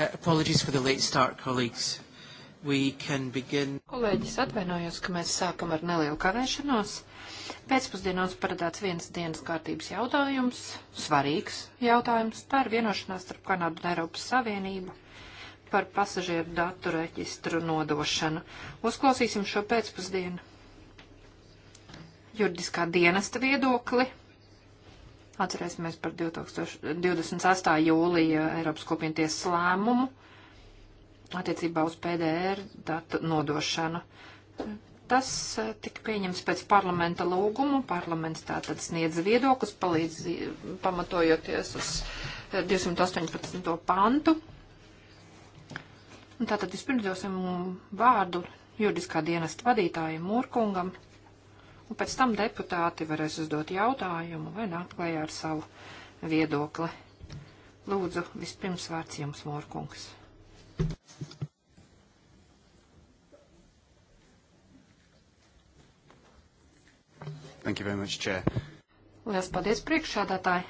Uh, apologies for the late start, colleagues. We can begin. Kolēģis atvainojos, ka mēs sākam ar nelielu kavēšanos. Pēcpusdienās paredzēts viens dienas kārtības jautājums, svarīgs jautājums par vienošanās starp Kanādu un Eiropas Savienību par pasažieru datu reģistru nodošanu. Uzklausīsim šo pēcpusdienu juridiskā dienesta viedokli Atcerēsimies par 2028. jūlija Eiropas kopienu tiesas lēmumu attiecībā uz PDR datu nodošanu. Tas eh, tika pieņems pēc parlamenta lūgumu. Parlaments tātad sniedz viedoklis, palīdz, pamatojoties uz 218. Eh, pantu. Un tātad vispirms dosim vārdu juridiskā dienesta vadītājiem Mūrkungam un pēc tam deputāti varēs uzdot jautājumu vai nākt klajā ar savu viedokli. Lūdzu, vispirms vārds jums, Morkungs. Thank you very much, Chair. Lielas paldies priekšādātāji.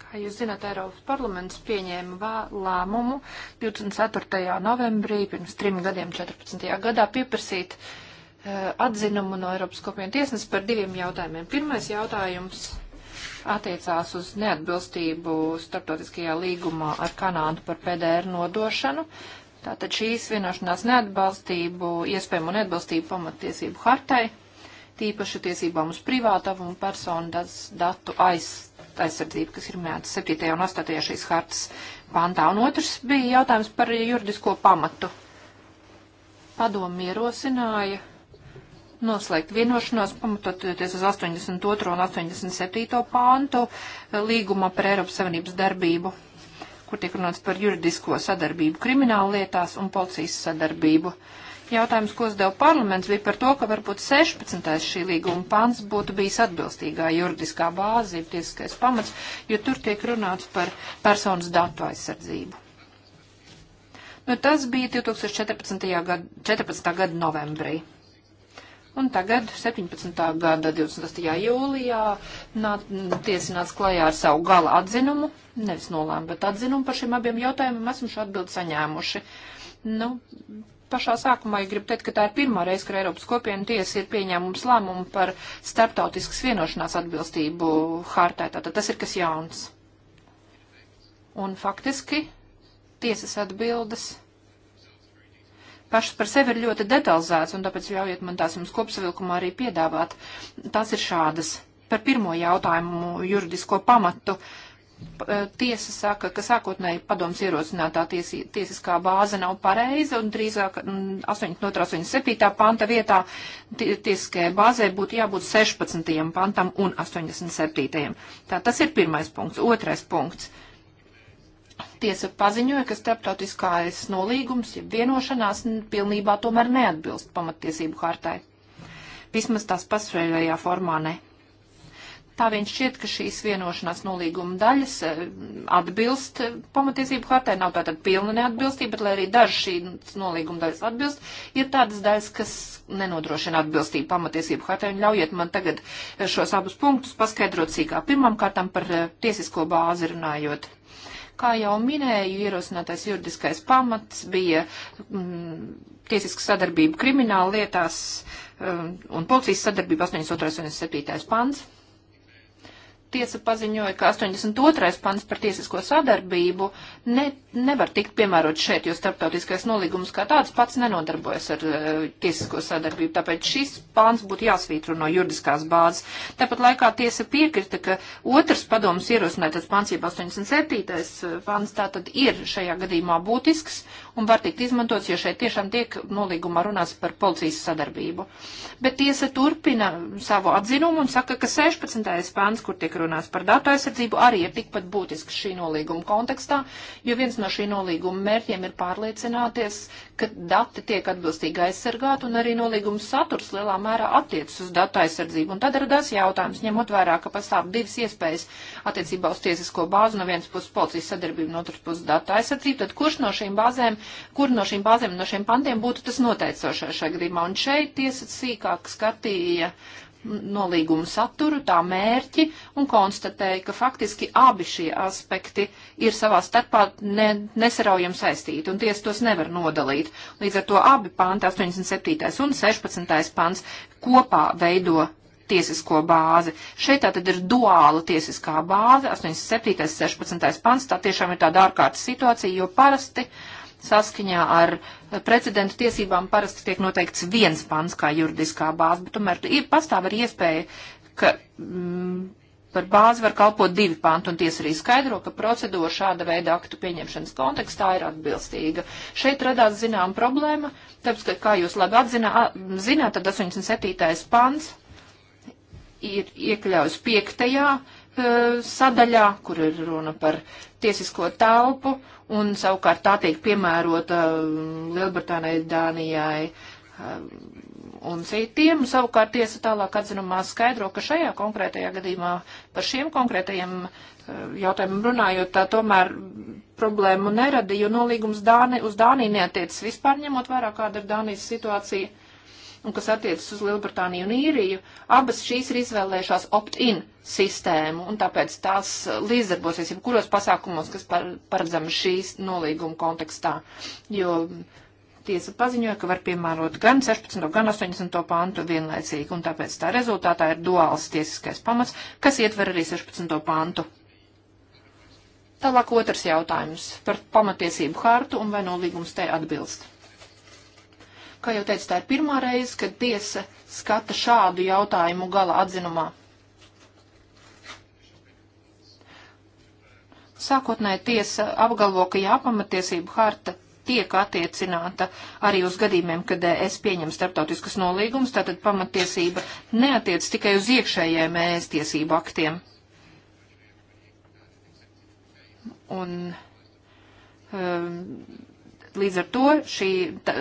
Kā jūs zināt, Eiropas parlaments pieņēma lēmumu 24. novembrī pirms trim gadiem, 14. gadā, pieprasīt uh, Eh, atzinumu no Eiropas kopienu tiesnes par diviem jautājumiem. Pirmais jautājums attiecās uz neatbilstību starptautiskajā līgumā ar Kanādu par PDR nodošanu. Tātad šīs vienošanās neatbalstību, iespējamo neatbalstību pamattiesību hartai, tīpaši tiesībām uz privātavu un personu datu aiz, aizsardzību, kas ir minēta 7. un 8. šīs hartas pantā. Un otrs bija jautājums par juridisko pamatu. Padomu ierosināja noslēgt vienošanos, pamatoties uz 82. un 87. pāntu eh, līguma par Eiropas Savienības darbību, kur tiek runāts par juridisko sadarbību krimināla lietās un policijas sadarbību. Jautājums, ko uzdeva parlaments, bija par to, ka varbūt 16. šī līguma pants būtu bijis atbilstīgā juridiskā bāze, tiesiskais pamats, jo tur tiek runāts par personas datu aizsardzību. Nu, tas bija 2014. Gada, 14. gada novembrī. Un tagad, 17. gada 28. jūlijā, nāc, tiesa nāca klajā ar savu gala atzinumu, nevis nolēmu, bet atzinumu par šiem abiem jautājumiem esam šo atbildi saņēmuši. Nu, pašā sākumā ja gribu teikt, ka tā ir pirmā reize, kad Eiropas kopiena tiesa ir pieņēmums lēmumu par starptautiskas vienošanās atbilstību hārtai. Tātad tas ir kas jauns. Un faktiski tiesas atbildes pašas par sevi ir ļoti detalizētas, un tāpēc ļaujiet man tās jums kopsavilkumā arī piedāvāt. Tās ir šādas. Par pirmo jautājumu juridisko pamatu. Eh, tiesa saka, ka sākotnēji padoms ierosinātā tiesi, tiesiskā bāze nav pareiza un drīzāk 8.87. Mm, panta vietā tiesiskajai bāzē būtu jābūt 16. pantam un 87. Tā tas ir pirmais punkts. Otrais punkts tiesa paziņoja, ka starptautiskais nolīgums, ja vienošanās, pilnībā tomēr neatbilst pamattiesību hartai. Vismaz tās pasveļējā formā ne. Tā viņš šķiet, ka šīs vienošanās nolīguma daļas e, atbilst pamatiesību hartai, nav tātad pilna neatbilstība, bet lai arī daži šīs nolīguma daļas atbilst, ir tādas daļas, kas nenodrošina atbilstību pamatiesību hartai. Un ļaujiet man tagad šos abus punktus paskaidrot sīkāk. Pirmām kārtām par e, tiesisko bāzi runājot. Kā jau minēju, ierosinātais juridiskais pamats bija mm, tiesiska sadarbība krimināla lietās mm, un policijas sadarbība 8.2.7. pants tiesa paziņoja, ka 82. pants par tiesisko sadarbību ne, nevar tikt piemērot šeit, jo starptautiskais nolīgums kā tāds pats nenodarbojas ar uh, tiesisko sadarbību. Tāpēc šis pants būtu jāsvītro no juridiskās bāzes. Tāpat laikā tiesa piekrita, ka otrs padomus ierosinātais pants, jeb 87. Eh, pants, tātad ir šajā gadījumā būtisks un var tikt izmantots, jo šeit tiešām tiek nolīgumā runāts par policijas sadarbību. Bet tiesa turpina savu atzinumu un saka, ka 16. pants, kur tiek runās par datu aizsardzību, arī ir tikpat būtisks šī nolīguma kontekstā, jo viens no šī nolīguma mērķiem ir pārliecināties, ka dati tiek atbilstīgi aizsargāti un arī nolīguma saturs lielā mērā attiecas uz datu aizsardzību. Un tad radās jautājums, ņemot vērā, ka pastāv divas iespējas attiecībā uz tiesisko bāzi, no vienas puses policijas sadarbība, no otras puses datu aizsardzību, tad kurš no šīm bāzēm, kur no šīm bāzēm, no šiem pantiem būtu tas noteicošais šajā gadījumā? Un šeit tiesa sīkāk skatīja nolīgumu saturu, tā mērķi un konstatēja, ka faktiski abi šie aspekti ir savā starpā ne, nesaraujami saistīti un tiesa tos nevar nodalīt. Līdz ar to abi panti, 87. un 16. pants, kopā veido tiesisko bāzi. Šeit tā tad ir duāla tiesiskā bāze, 87. 16. pants, tā tiešām ir tāda ārkārtas situācija, jo parasti uh, Saskaņā ar precedentu tiesībām parasti tiek noteikts viens pants kā juridiskā bāze, bet tomēr ir pastāv arī iespēja, ka mm, par bāzi var kalpot divi panti, un tiesa arī skaidro, ka procedūra šāda veida aktu pieņemšanas kontekstā ir atbilstīga. Šeit radās zinām problēma, tāpēc, ka, kā jūs labi atzināt, zināt, tad 87. pants ir iekļauts piektajā e, sadaļā, kur ir runa par tiesisko telpu, un savukārt tā tiek piemērota um, Lielbritānijai, Dānijai um, un citiem. Savukārt tiesa tālāk atzinumā skaidro, ka šajā konkrētajā gadījumā par šiem konkrētajiem uh, jautājumiem runājot, tā tomēr problēmu nerada, jo nolīgums Dāni, uz Dāniju neatiecas vispār ņemot vērā, kāda ir Dānijas situācija un kas attiecas uz Lielbritāniju un Īriju, abas šīs ir izvēlējušās opt-in sistēmu, un tāpēc tās uh, līdzdarbosies jau kuros pasākumos, kas par, paredzami šīs nolīguma kontekstā, jo tiesa paziņoja, ka var piemērot gan 16. gan 80. pantu vienlaicīgi, un tāpēc tā rezultātā ir duāls tiesiskais pamats, kas ietver arī 16. pantu. Tālāk otrs jautājums par pamatiesību hartu un vai nolīgums te atbilst. Kā jau teicu, tā ir pirmā reize, kad tiesa skata šādu jautājumu gala atzinumā. Sākotnēji tiesa apgalvo, ka jāpamatiesību harta tiek attiecināta arī uz gadījumiem, kad eh, es pieņemu starptautiskas nolīgumus, tātad pamatiesība neatiec tikai uz iekšējiem ēst eh, tiesību aktiem. Un um, Līdz ar to šī, tā,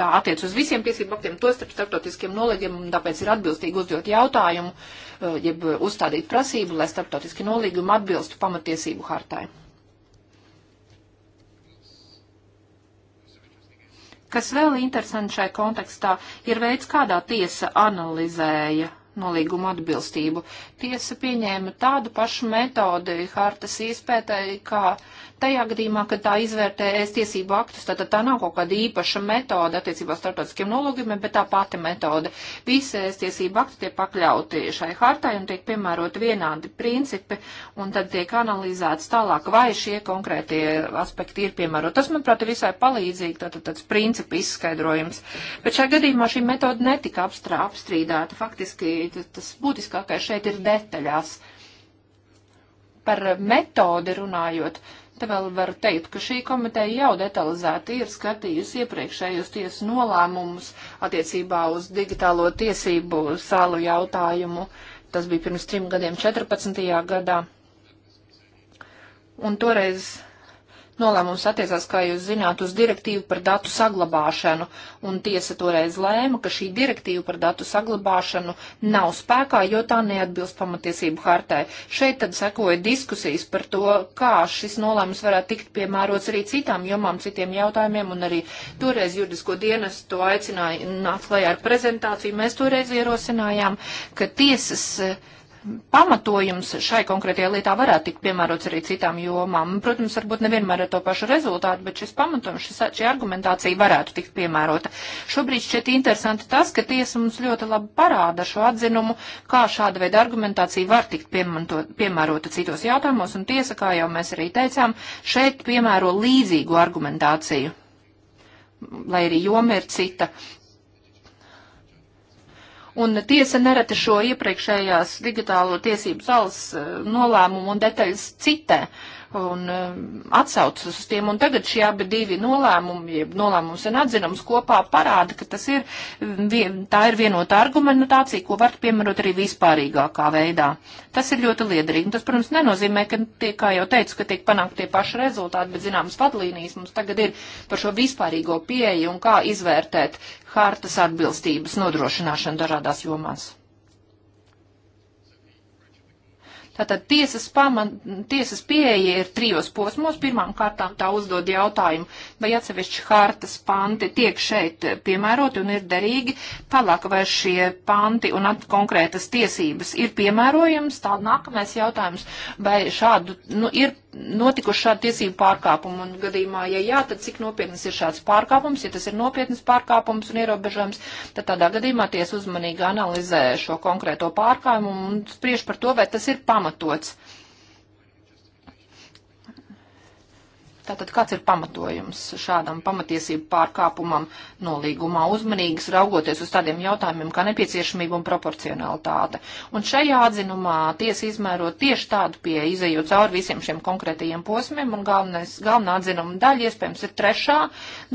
tā attiec uz visiem tiesību aktiem, to starp starptautiskiem nolīgiem, un tāpēc ir atbilstīgi uzdot jautājumu, eh, jeb uzstādīt prasību, lai starptautiski nolīgumi atbilstu pamatiesību hartai. Kas vēl interesanti šai kontekstā, ir veids, kādā tiesa analizēja nolīguma atbilstību. Tiesa pieņēma tādu pašu metodi hartas izpētēji, kā uh, Tajā gadījumā, kad tā izvērtē es tiesību aktus, tad tā nav kaut kāda īpaša metode attiecībā starptautiskiem nolūgumiem, bet tā pati metode. Visi es tiesību akti tiek pakļauti šai hartai un tiek piemēroti vienādi principi, un tad tiek analizēts tālāk, vai šie konkrētie aspekti ir piemēroti. Tas, manuprāt, ir visai palīdzīgi, tātad tāds principu izskaidrojums. Bet šajā gadījumā šī metode netika apstrā, apstrīdēta. Faktiski tas būtiskākais šeit ir detaļās par metodi runājot, Te vēl var teikt, ka šī komiteja jau detalizēti ir skatījusi iepriekšējos tiesu nolēmumus attiecībā uz digitālo tiesību sālu jautājumu. Tas bija pirms trim gadiem, 14. gadā. Un toreiz Nolēmums attiecās, kā jūs zināt, uz direktīvu par datu saglabāšanu, un tiesa toreiz lēma, ka šī direktīva par datu saglabāšanu nav spēkā, jo tā neatbilst pamatiesību hartai. Šeit tad sekoja diskusijas par to, kā šis nolēmums varētu tikt piemērots arī citām jomām, citiem jautājumiem, un arī toreiz juridisko dienestu to aicināja nākt klajā ar prezentāciju. Mēs toreiz ierosinājām, ka tiesas. Uh, pamatojums šai konkrētajā lietā varētu tikt piemērots arī citām jomām. Protams, varbūt nevienmēr ar to pašu rezultātu, bet šis pamatojums, šis, šī argumentācija varētu tikt piemērota. Šobrīd šķiet interesanti tas, ka tiesa mums ļoti labi parāda šo atzinumu, kā šāda veida argumentācija var tikt piemanto, piemērota citos jautājumos, un tiesa, kā jau mēs arī teicām, šeit piemēro līdzīgu argumentāciju lai arī joma ir cita un tiesa nereti šo iepriekšējās digitālo tiesību salas eh, nolēmumu un detaļas citē. Uh, un eh, atsaucas uz tiem. Un tagad šie abi divi nolēmumi, nolēmums un atzinums kopā parāda, ka tas ir, mm, tā ir vienota argumentācija, ko var piemērot arī vispārīgākā veidā. Tas ir ļoti liederīgi. Un tas, protams, nenozīmē, ka, tie, kā jau teicu, ka tiek panākt tie paši rezultāti, bet zināmas vadlīnijas mums tagad ir par šo vispārīgo pieeju un kā izvērtēt hartas atbilstības nodrošināšanu dažādās jomās. Tātad tiesas, paman, tiesas pieeja ir trijos posmos. Pirmām kārtām tā uzdod jautājumu, vai atsevišķi hartas panti tiek šeit piemēroti un ir derīgi. Tālāk, vai šie panti un konkrētas tiesības ir piemērojams. Tā nākamais jautājums, vai šādu, nu, ir notikuši šādi tiesību pārkāpumi, un gadījumā, ja jā, tad cik nopietnas ir šāds pārkāpums, ja tas ir nopietnas pārkāpums un ierobežojums, tad tādā gadījumā tiesa uzmanīgi analizē šo konkrēto pārkāpumu un spriež par to, vai tas ir pamatots. Tātad kāds ir pamatojums šādam pamatiesību pārkāpumam nolīgumā, uzmanīgs raugoties uz tādiem jautājumiem kā nepieciešamība un proporcionalitāte. Un šajā atzinumā tiesa izmēro tieši tādu pieeju, izējot cauri visiem šiem konkrētajiem posmiem, un galvenais, galvenā atzinuma daļa, iespējams, ir trešā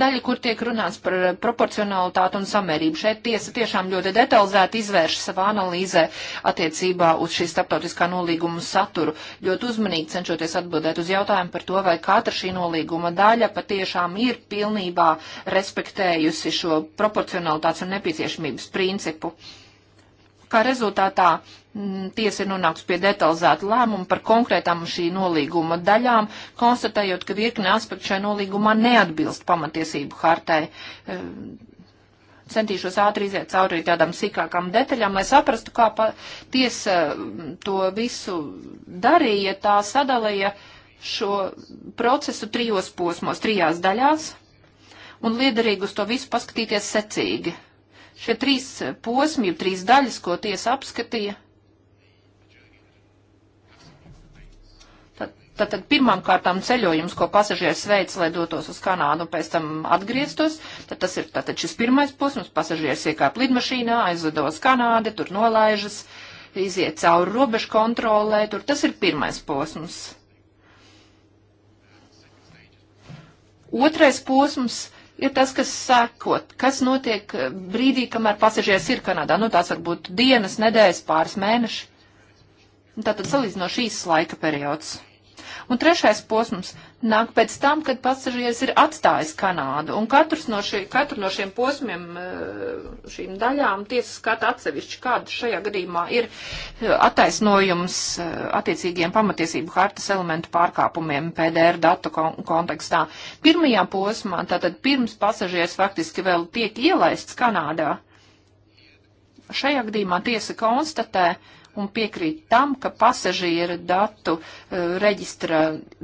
daļa, kur tiek runāts par proporcionalitāti un samērību. Šeit tiesa tiešām ļoti detalizēti izvērš savā analīzē attiecībā uz šī starptautiskā nolīguma saturu, ļoti uzmanīgi cenšoties atbildēt uz jautājumu par to, vai katra šī nolīguma nolīguma daļa patiešām ir pilnībā respektējusi šo proporcionalitātes un nepieciešamības principu. Kā rezultātā tiesa ir nonākusi pie detalizēta lēmuma par konkrētām šī nolīguma daļām, konstatējot, ka virkne aspektu šajā nolīgumā neatbilst pamatiesību hartai e, centīšos ātri iziet cauri tādām sīkākām detaļām, lai saprastu, kā tiesa to visu darīja, tā sadalīja. Uh, šo procesu trijos posmos, trijās daļās, un liederīgi uz to visu paskatīties secīgi. Šie trīs posmi, trīs daļas, ko tiesa apskatīja, Tātad pirmām kārtām ceļojums, ko pasažieris veids, lai dotos uz Kanādu un pēc tam atgrieztos, tad tas ir tātad šis pirmais posms, pasažieris iekāp lidmašīnā, aizvedo uz Kanādu, tur nolaižas, iziet cauri robežu kontrolē, tur tas ir pirmais posms. Otrais posms ir tas, kas sekot, kas notiek brīdī, kamēr pasažieris ir Kanādā. Nu, tās var būt dienas, nedēļas, pāris mēneši. Tātad salīdzinoši īsts laika periods. Un trešais posms nāk pēc tam, kad pasažieris ir atstājis Kanādu. Un katrs no šie, katru no šiem posmiem, eh, šīm daļām, tiesa skata atsevišķi, kāda šajā gadījumā ir eh, attaisnojums eh, attiecīgiem pamatiesību hartas elementu pārkāpumiem PDR datu kontekstā. Pirmajā posmā, tātad pirms pasažieris faktiski vēl tiek ielaists Kanādā, šajā gadījumā tiesa konstatē, un piekrīt tam, ka pasažiera datu uh, reģistra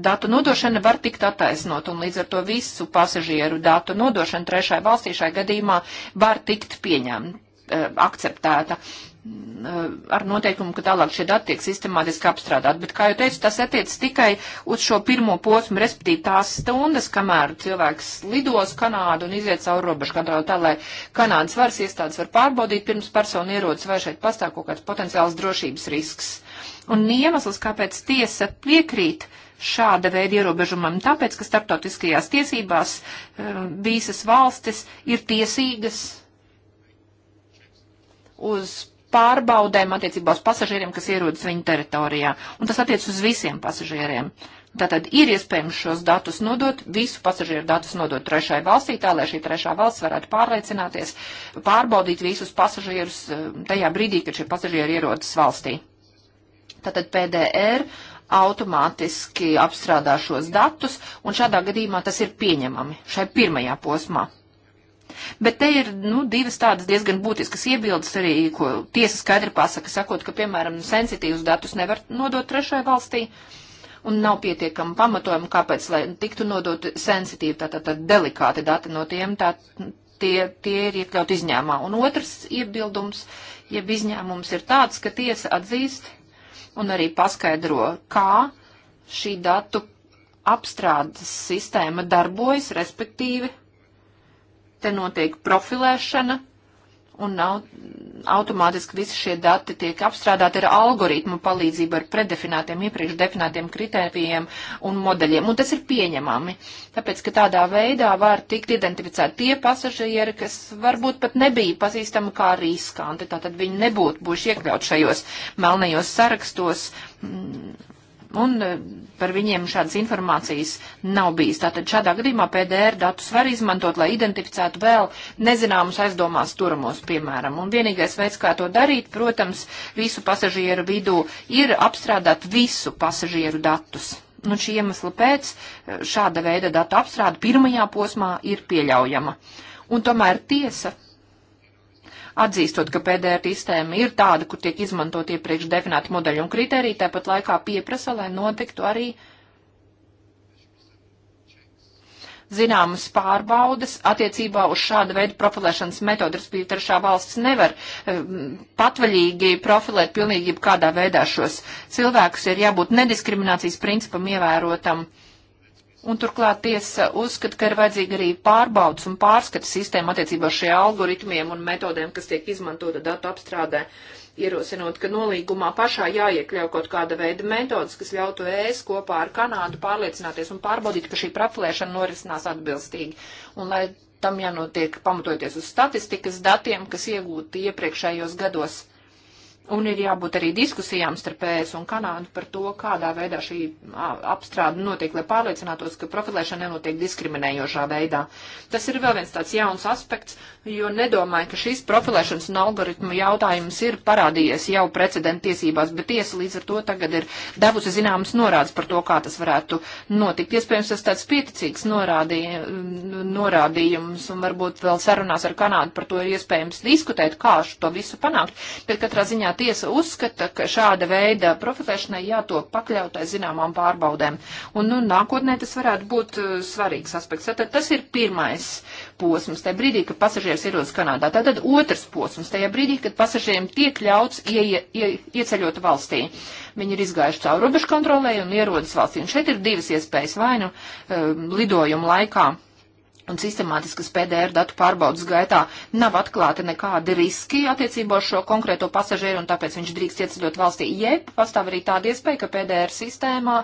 datu nodošana var tikt attaisnot, un līdz ar to visu pasažieru datu nodošana trešai valstī šai gadījumā var tikt pieņemta, uh, eh, akceptēta. Mm, ar noteikumu, ka tālāk šie dati tiek sistemātiski apstrādāti. Bet, kā jau teicu, tas attiec tikai uz šo pirmo posmu, respektīvi tās stundas, kamēr cilvēks lidos Kanādu un iziet cauri robežu kontroli, tā lai Kanādas varas iestādes var pārbaudīt pirms persona ierodas, vai šeit pastāv kaut kāds potenciāls drošības risks. Un iemesls, kāpēc tiesa piekrīt, šāda veida ierobežumam, tāpēc, ka starptautiskajās tiesībās eh, visas valstis ir tiesīgas uz pārbaudēm attiecībā uz pasažieriem, kas ierodas viņa teritorijā. Un tas attiec uz visiem pasažieriem. Tātad ir iespējams šos datus nodot, visu pasažieru datus nodot trešai valstī, tā lai šī trešā valsts varētu pārliecināties, pārbaudīt visus pasažierus eh, tajā brīdī, kad šie pasažieri ierodas valstī. Tātad PDR automātiski apstrādā šos datus, un šādā gadījumā tas ir pieņemami šai pirmajā posmā. Bet te ir, nu, divas tādas diezgan būtiskas iebildes arī, ko tiesa skaidri pasaka, sakot, ka, piemēram, sensitīvus datus nevar nodot trešai valstī un nav pietiekama pamatojuma, kāpēc, lai tiktu nodot sensitīvi, tātad tā, tā, delikāti dati no tiem, tā, tie, tie ir iekļaut izņēmā. Un otrs iebildums, jeb izņēmums ir tāds, ka tiesa atzīst un arī paskaidro, kā šī datu apstrādes sistēma darbojas, respektīvi te notiek profilēšana un nav, automātiski visi šie dati tiek apstrādāti ar algoritmu palīdzību, ar predefinētiem, iepriekš definētiem kritērijiem un modeļiem. Un tas ir pieņemami, tāpēc, ka tādā veidā var tikt identificēti tie pasažieri, kas varbūt pat nebija pazīstami kā riskanti, tātad viņi nebūtu būši iekļaut šajos melnajos sarakstos. Mm, un e, par viņiem šādas informācijas nav bijis. Tātad šādā gadījumā PDR datus var izmantot, lai identificētu vēl nezināmus aizdomās turamos, piemēram. Un vienīgais veids, kā to darīt, protams, visu pasažieru vidū ir apstrādāt visu pasažieru datus. Nu, šī iemesla pēc e, šāda veida datu apstrāde pirmajā posmā ir pieļaujama. Un tomēr tiesa atzīstot, ka PDR sistēma ir tāda, kur tiek izmantot iepriekš definēti modeļi un kriteriji, tāpat laikā pieprasa, lai notiktu arī zināmas pārbaudas attiecībā uz šādu veidu profilēšanas metodu, respektīvi trešā valsts nevar um, patvaļīgi profilēt pilnīgi kādā veidā šos cilvēkus, ir jābūt nediskriminācijas principam ievērotam Un turklāt tiesa uzskata, ka ir vajadzīga arī pārbaudas un pārskata sistēma attiecībā ar šiem algoritmiem un metodēm, kas tiek izmantota datu apstrādē, ierosinot, ka nolīgumā pašā jāiekļau kaut kāda veida metodas, kas ļautu ēst kopā ar Kanādu pārliecināties un pārbaudīt, ka šī profilēšana norisinās atbilstīgi. Un lai tam jānotiek pamatojoties uz statistikas datiem, kas iegūti iepriekšējos gados. Un ir jābūt arī diskusijām starp ES un Kanādu par to, kādā veidā šī apstrāde notiek, lai pārliecinātos, ka profilēšana nenotiek diskriminējošā veidā. Tas ir vēl viens tāds jauns aspekts, jo nedomāju, ka šīs profilēšanas un algoritmu jautājums ir parādījies jau precedenta tiesībās, bet tiesa līdz ar to tagad ir devusi zināmas norādes par to, kā tas varētu notikt. Iespējams, tas tāds pieticīgs norādī, norādījums un varbūt vēl sarunās ar Kanādu par to ir iespējams diskutēt, kā to visu panākt. Bet katrā ziņā tiesa uzskata, ka šāda veida profilēšanai jātop pakļautai zināmām pārbaudēm. Un, nu, nākotnē tas varētu būt uh, svarīgs aspekts. Tātad tas ir pirmais posms, tajā brīdī, kad pasažieris ierodas Kanādā. Tātad otrs posms, tajā brīdī, kad pasažieriem tiek ļauts ie, ie, ie, ieceļot valstī. Viņi ir izgājuši cauri robežu kontrolē un ierodas valstī. Un šeit ir divas iespējas vai nu um, lidojumu laikā un sistemātiskas PDR datu pārbaudas gaitā nav atklāti nekādi riski attiecībā ar šo konkrēto pasažieru, un tāpēc viņš drīkst ieceļot valstī. Jeb pastāv arī tāda iespēja, ka PDR sistēmā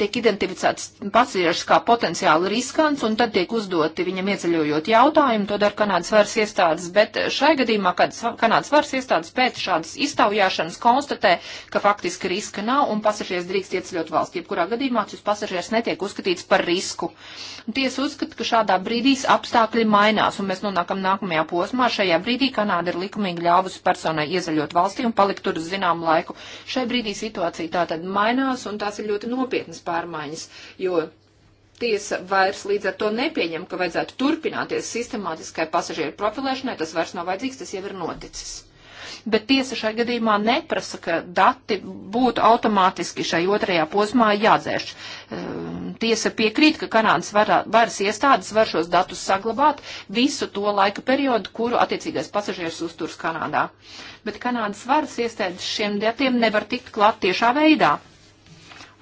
tiek identificēts pasažieris kā potenciāli riskants, un tad tiek uzdoti viņam ieceļojot jautājumu, to dara Kanādas varas iestādes, bet šai gadījumā, kad Kanādas varas iestādes pēc šādas iztaujāšanas konstatē, ka faktiski riska nav un pasažieris drīkst ieceļot valsts, jebkurā gadījumā šis pasažieris netiek uzskatīts par risku. Uh, Tiesa uzskata, ka šādā brīdī apstākļi mainās, un mēs nonākam nākamajā posmā. Šajā brīdī Kanāda ir likumīgi ļāvusi personai iezaļot valstī un palikt tur uz zināmu laiku. Šai brīdī situācija tā tad mainās, un tās ir ļoti nopietnas pārmaiņas, jo tiesa vairs līdz ar to nepieņem, ka vajadzētu turpināties sistemātiskai pasažieru profilēšanai. Tas vairs nav vajadzīgs, tas jau ir noticis bet tiesa šai gadījumā neprasa, ka dati būtu automātiski šai otrajā posmā jādzēš. Ehm, tiesa piekrīt, ka Kanādas varas iestādes var šos datus saglabāt visu to laika periodu, kuru attiecīgais pasažieris uzturs Kanādā. Bet Kanādas varas iestādes šiem datiem nevar tikt klāt tiešā veidā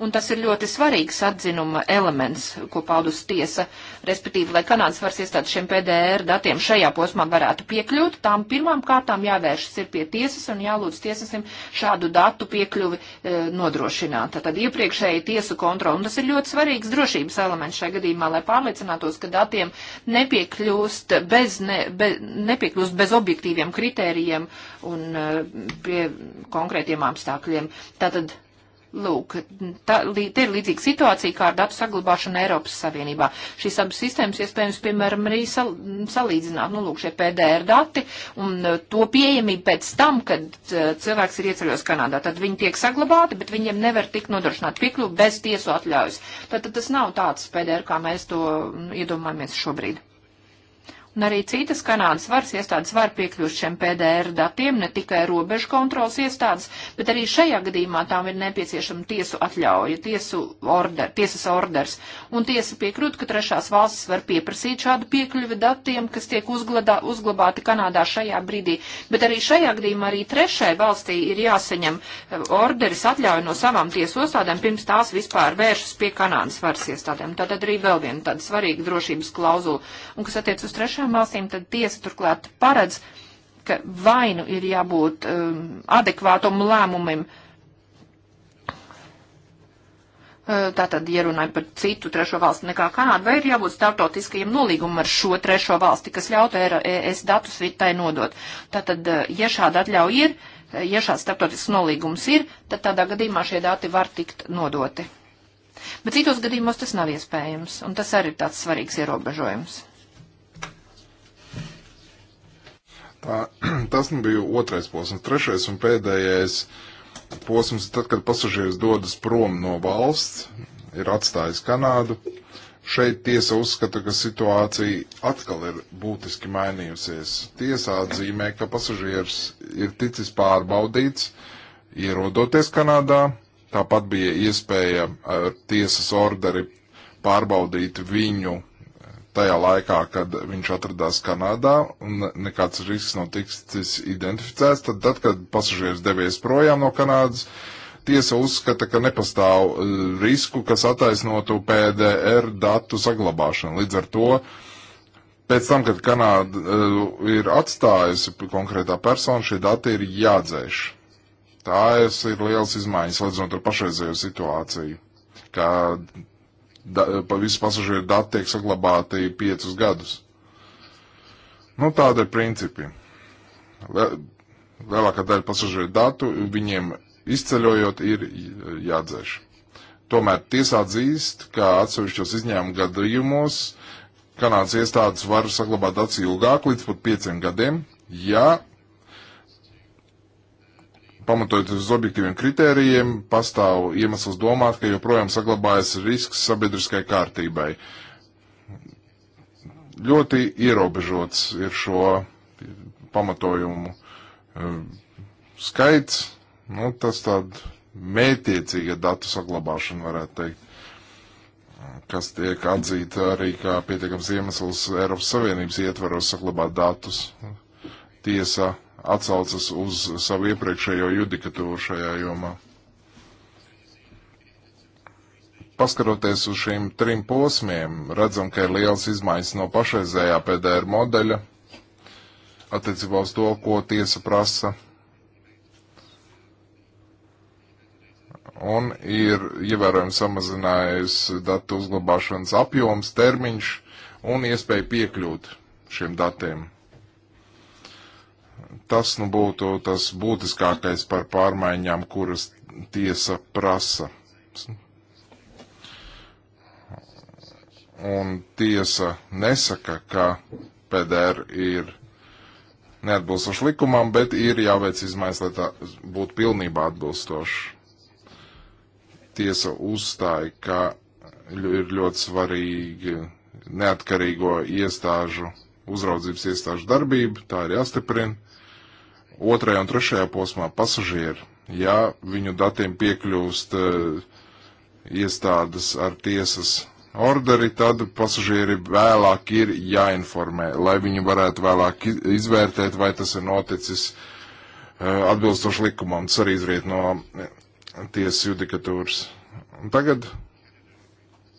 un tas ir ļoti svarīgs atzinuma elements, ko paudus tiesa, respektīvi, lai Kanādas varas iestādes šiem PDR datiem šajā posmā varētu piekļūt, tām pirmām kārtām jāvēršas ir pie tiesas un jālūdz tiesasim šādu datu piekļuvi e, nodrošināt. Tad iepriekšēji tiesu kontroli, un tas ir ļoti svarīgs drošības elements šajā gadījumā, lai pārliecinātos, ka datiem nepiekļūst bez, ne, be, nepiekļūst bez objektīviem kritērijiem un e, pie konkrētiem apstākļiem. Tātad Lūk, tā, li, te ir līdzīga situācija kā ar datu saglabāšanu Eiropas Savienībā. Šīs abas sistēmas iespējams, piemēram, arī sal, salīdzināt, nu, lūk, šie PDR dati un e, to pieejamību pēc tam, kad e, cilvēks ir ieceļos Kanādā. Tad viņi tiek saglabāti, bet viņiem nevar tikt nodrošināt piekļuvu bez tiesu atļaujas. Tātad tas nav tāds PDR, kā mēs to nu, iedomājamies šobrīd un arī citas Kanādas varas iestādes var piekļūt šiem PDR datiem, ne tikai robežu kontrols iestādes, bet arī šajā gadījumā tām ir nepieciešama tiesu atļauja, tiesu order, tiesas orders. Un tiesa piekrūt, ka trešās valstis var pieprasīt šādu piekļuvi datiem, kas tiek uzgladā, uzglabāti Kanādā šajā brīdī, bet arī šajā gadījumā arī trešai valstī ir jāsaņem eh, orderis atļauja no savām tiesu ostādēm, pirms tās vispār vēršas pie Kanādas varas iestādēm. Tātad arī vēl viena tāda svarīga drošības klauzula. Un kas attiec uz trešām citām valstīm, tad tiesa turklāt paredz, ka vainu ir jābūt um, adekvātam lēmumam. Uh, Tātad, ja runājam par citu trešo valsti nekā Kanāda, vai ir jābūt startautiskajiem nolīgumam ar šo trešo valsti, kas ļautu ES e datus vitai nodot. Tātad, uh, ja šāda atļauja ir, uh, ja šāds starptautisks nolīgums ir, tad tādā gadījumā šie dati var tikt nodoti. Bet citos gadījumos tas nav iespējams, un tas arī ir tāds svarīgs ierobežojums. Tā, tas nu bija otrais posms. Trešais un pēdējais posms, tad, kad pasažieris dodas prom no valsts, ir atstājis Kanādu. Šeit tiesa uzskata, ka situācija atkal ir būtiski mainījusies. Tiesā atzīmē, ka pasažieris ir ticis pārbaudīts, ierodoties Kanādā. Tāpat bija iespēja ar tiesas orderi pārbaudīt viņu tajā laikā, kad viņš atradās Kanādā un nekāds risks nav tiks identificēts, tad, tad kad pasažieris devies projām no Kanādas, tiesa uzskata, ka nepastāv eh, risku, kas attaisnotu PDR datu saglabāšanu. Līdz ar to, pēc tam, kad Kanāda uh, ir atstājusi konkrētā persona, šie dati ir jādzēš. Tā ir liels izmaiņas, līdzinot ar pašreizējo situāciju, kā da, eh, pa visu pasažieru dati tiek saglabāti piecus gadus. Nu, tāda ir principi. Lielākā daļa pasažieru datu viņiem izceļojot ir jādzēš. Tomēr tiesā dzīst, ka atsevišķos izņēmumu gadījumos Kanādas iestādes var saglabāt datus ilgāk, līdz pat pieciem gadiem, ja pamatojoties uz objektīviem kritērijiem, pastāv iemesls domāt, ka joprojām saglabājas risks sabiedriskai kārtībai. Ļoti ierobežots ir šo pamatojumu um, skaits, nu, tas tāda mētiecīga datu saglabāšana, varētu teikt, kas tiek atzīta arī kā pietiekams iemesls Eiropas Savienības ietvaros saglabāt datus. Tiesa atsaucas uz savu iepriekšējo judikatūru šajā jomā. Paskaroties uz šīm trim posmiem, redzam, ka ir liels izmaiņas no pašreizējā PDR modeļa attiecībā uz to, ko tiesa prasa. Un ir ievērojami samazinājies datu uzglabāšanas apjoms, termiņš un iespēja piekļūt šiem datiem. Tas nu būtu tas būtiskākais par pārmaiņām, kuras tiesa prasa. Un tiesa nesaka, ka PDR ir neatbilstoši likumam, bet ir jāveic izmaiņas, lai tā būtu pilnībā atbilstoša. Tiesa uzstāja, ka ir ļoti svarīgi neatkarīgo iestāžu, uzraudzības iestāžu darbība, tā ir jāstiprina. Otrajā un trešajā posmā pasažieri, ja viņu datiem piekļūst uh, iestādes ar tiesas orderi, tad pasažieri vēlāk ir jāinformē, lai viņi varētu vēlāk izvērtēt, vai tas ir noticis uh, atbilstoši likumam. Tas arī izriet no eh, tiesas judikatūras. Un tagad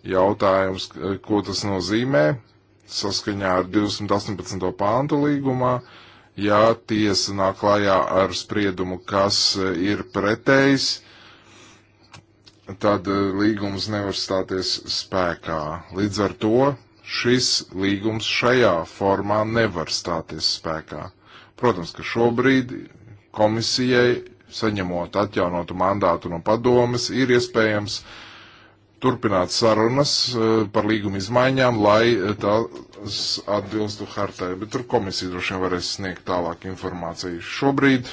jautājums, ko tas nozīmē saskaņā ar 218. pāntu līgumā. Uh, ja tiesa nāk klajā ar spriedumu, kas ir pretējs, tad eh, līgums nevar stāties spēkā. Līdz ar to šis līgums šajā formā nevar stāties spēkā. Protams, ka šobrīd komisijai, saņemot atjaunotu mandātu no padomes, ir iespējams turpināt sarunas eh, par līguma izmaiņām, lai eh, tā atbilstu hartai, bet tur komisija droši vien varēs sniegt tālāk informāciju. Šobrīd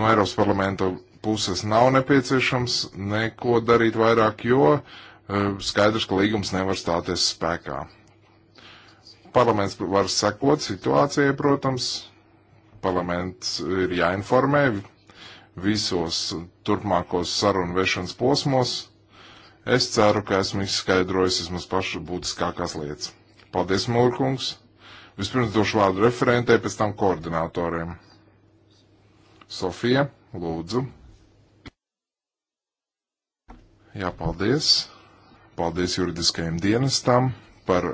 no Eiropas parlamenta puses nav nepieciešams neko darīt vairāk, jo e, skaidrs, ka līgums nevar stāties spēkā. Parlaments var sekot situācijai, protams. Parlaments ir jāinformē visos turpmākos sarunu vešanas posmos. Es ceru, ka esmu izskaidrojis vismaz pašu būtiskākās lietas. Paldies, Mūrkungs. Vispirms došu vārdu referentē, pēc tam koordinātoriem. Sofija, lūdzu. Jā, paldies. Paldies juridiskajiem dienestam par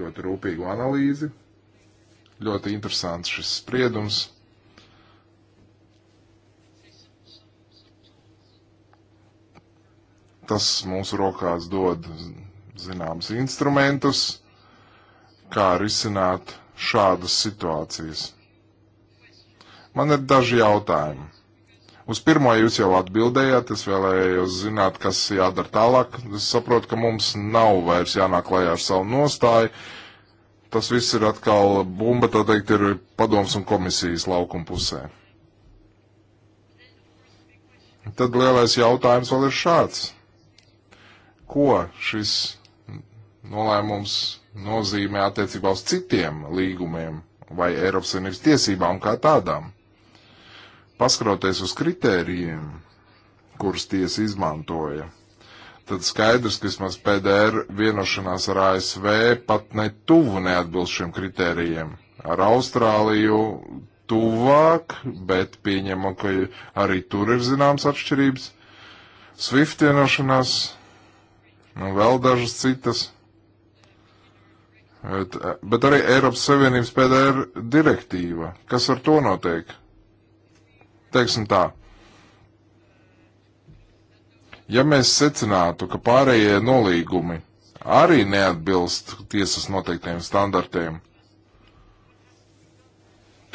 ļoti rūpīgu analīzi. Ļoti interesants šis spriedums. Tas mūsu rokās dod zināmas instrumentus kā risināt šādas situācijas. Man ir daži jautājumi. Uz pirmo jūs jau atbildējāt, es vēlējos zināt, kas jādara tālāk. Es saprotu, ka mums nav vairs jānāk klajā ar savu nostāju. Tas viss ir atkal bumba, tā teikt, ir padoms un komisijas laukuma pusē. Tad lielais jautājums vēl ir šāds. Ko šis nolēmums nozīmē attiecībā uz citiem līgumiem vai Eiropas Savienības tiesībām kā tādām. Paskroties uz kritērijiem, kurus tiesa izmantoja, tad skaidrs, ka vismaz PDR vienošanās ar ASV pat ne tuvu neatbilst šiem kritērijiem. Ar Austrāliju tuvāk, bet pieņemam, ka arī tur ir zināmas atšķirības. Swift vienošanās un nu, vēl dažas citas Eh, bet arī Eiropas Savienības PDR direktīva. Kas ar to notiek? Teiksim tā. Ja mēs secinātu, ka pārējie nolīgumi arī neatbilst tiesas noteiktiem standartiem,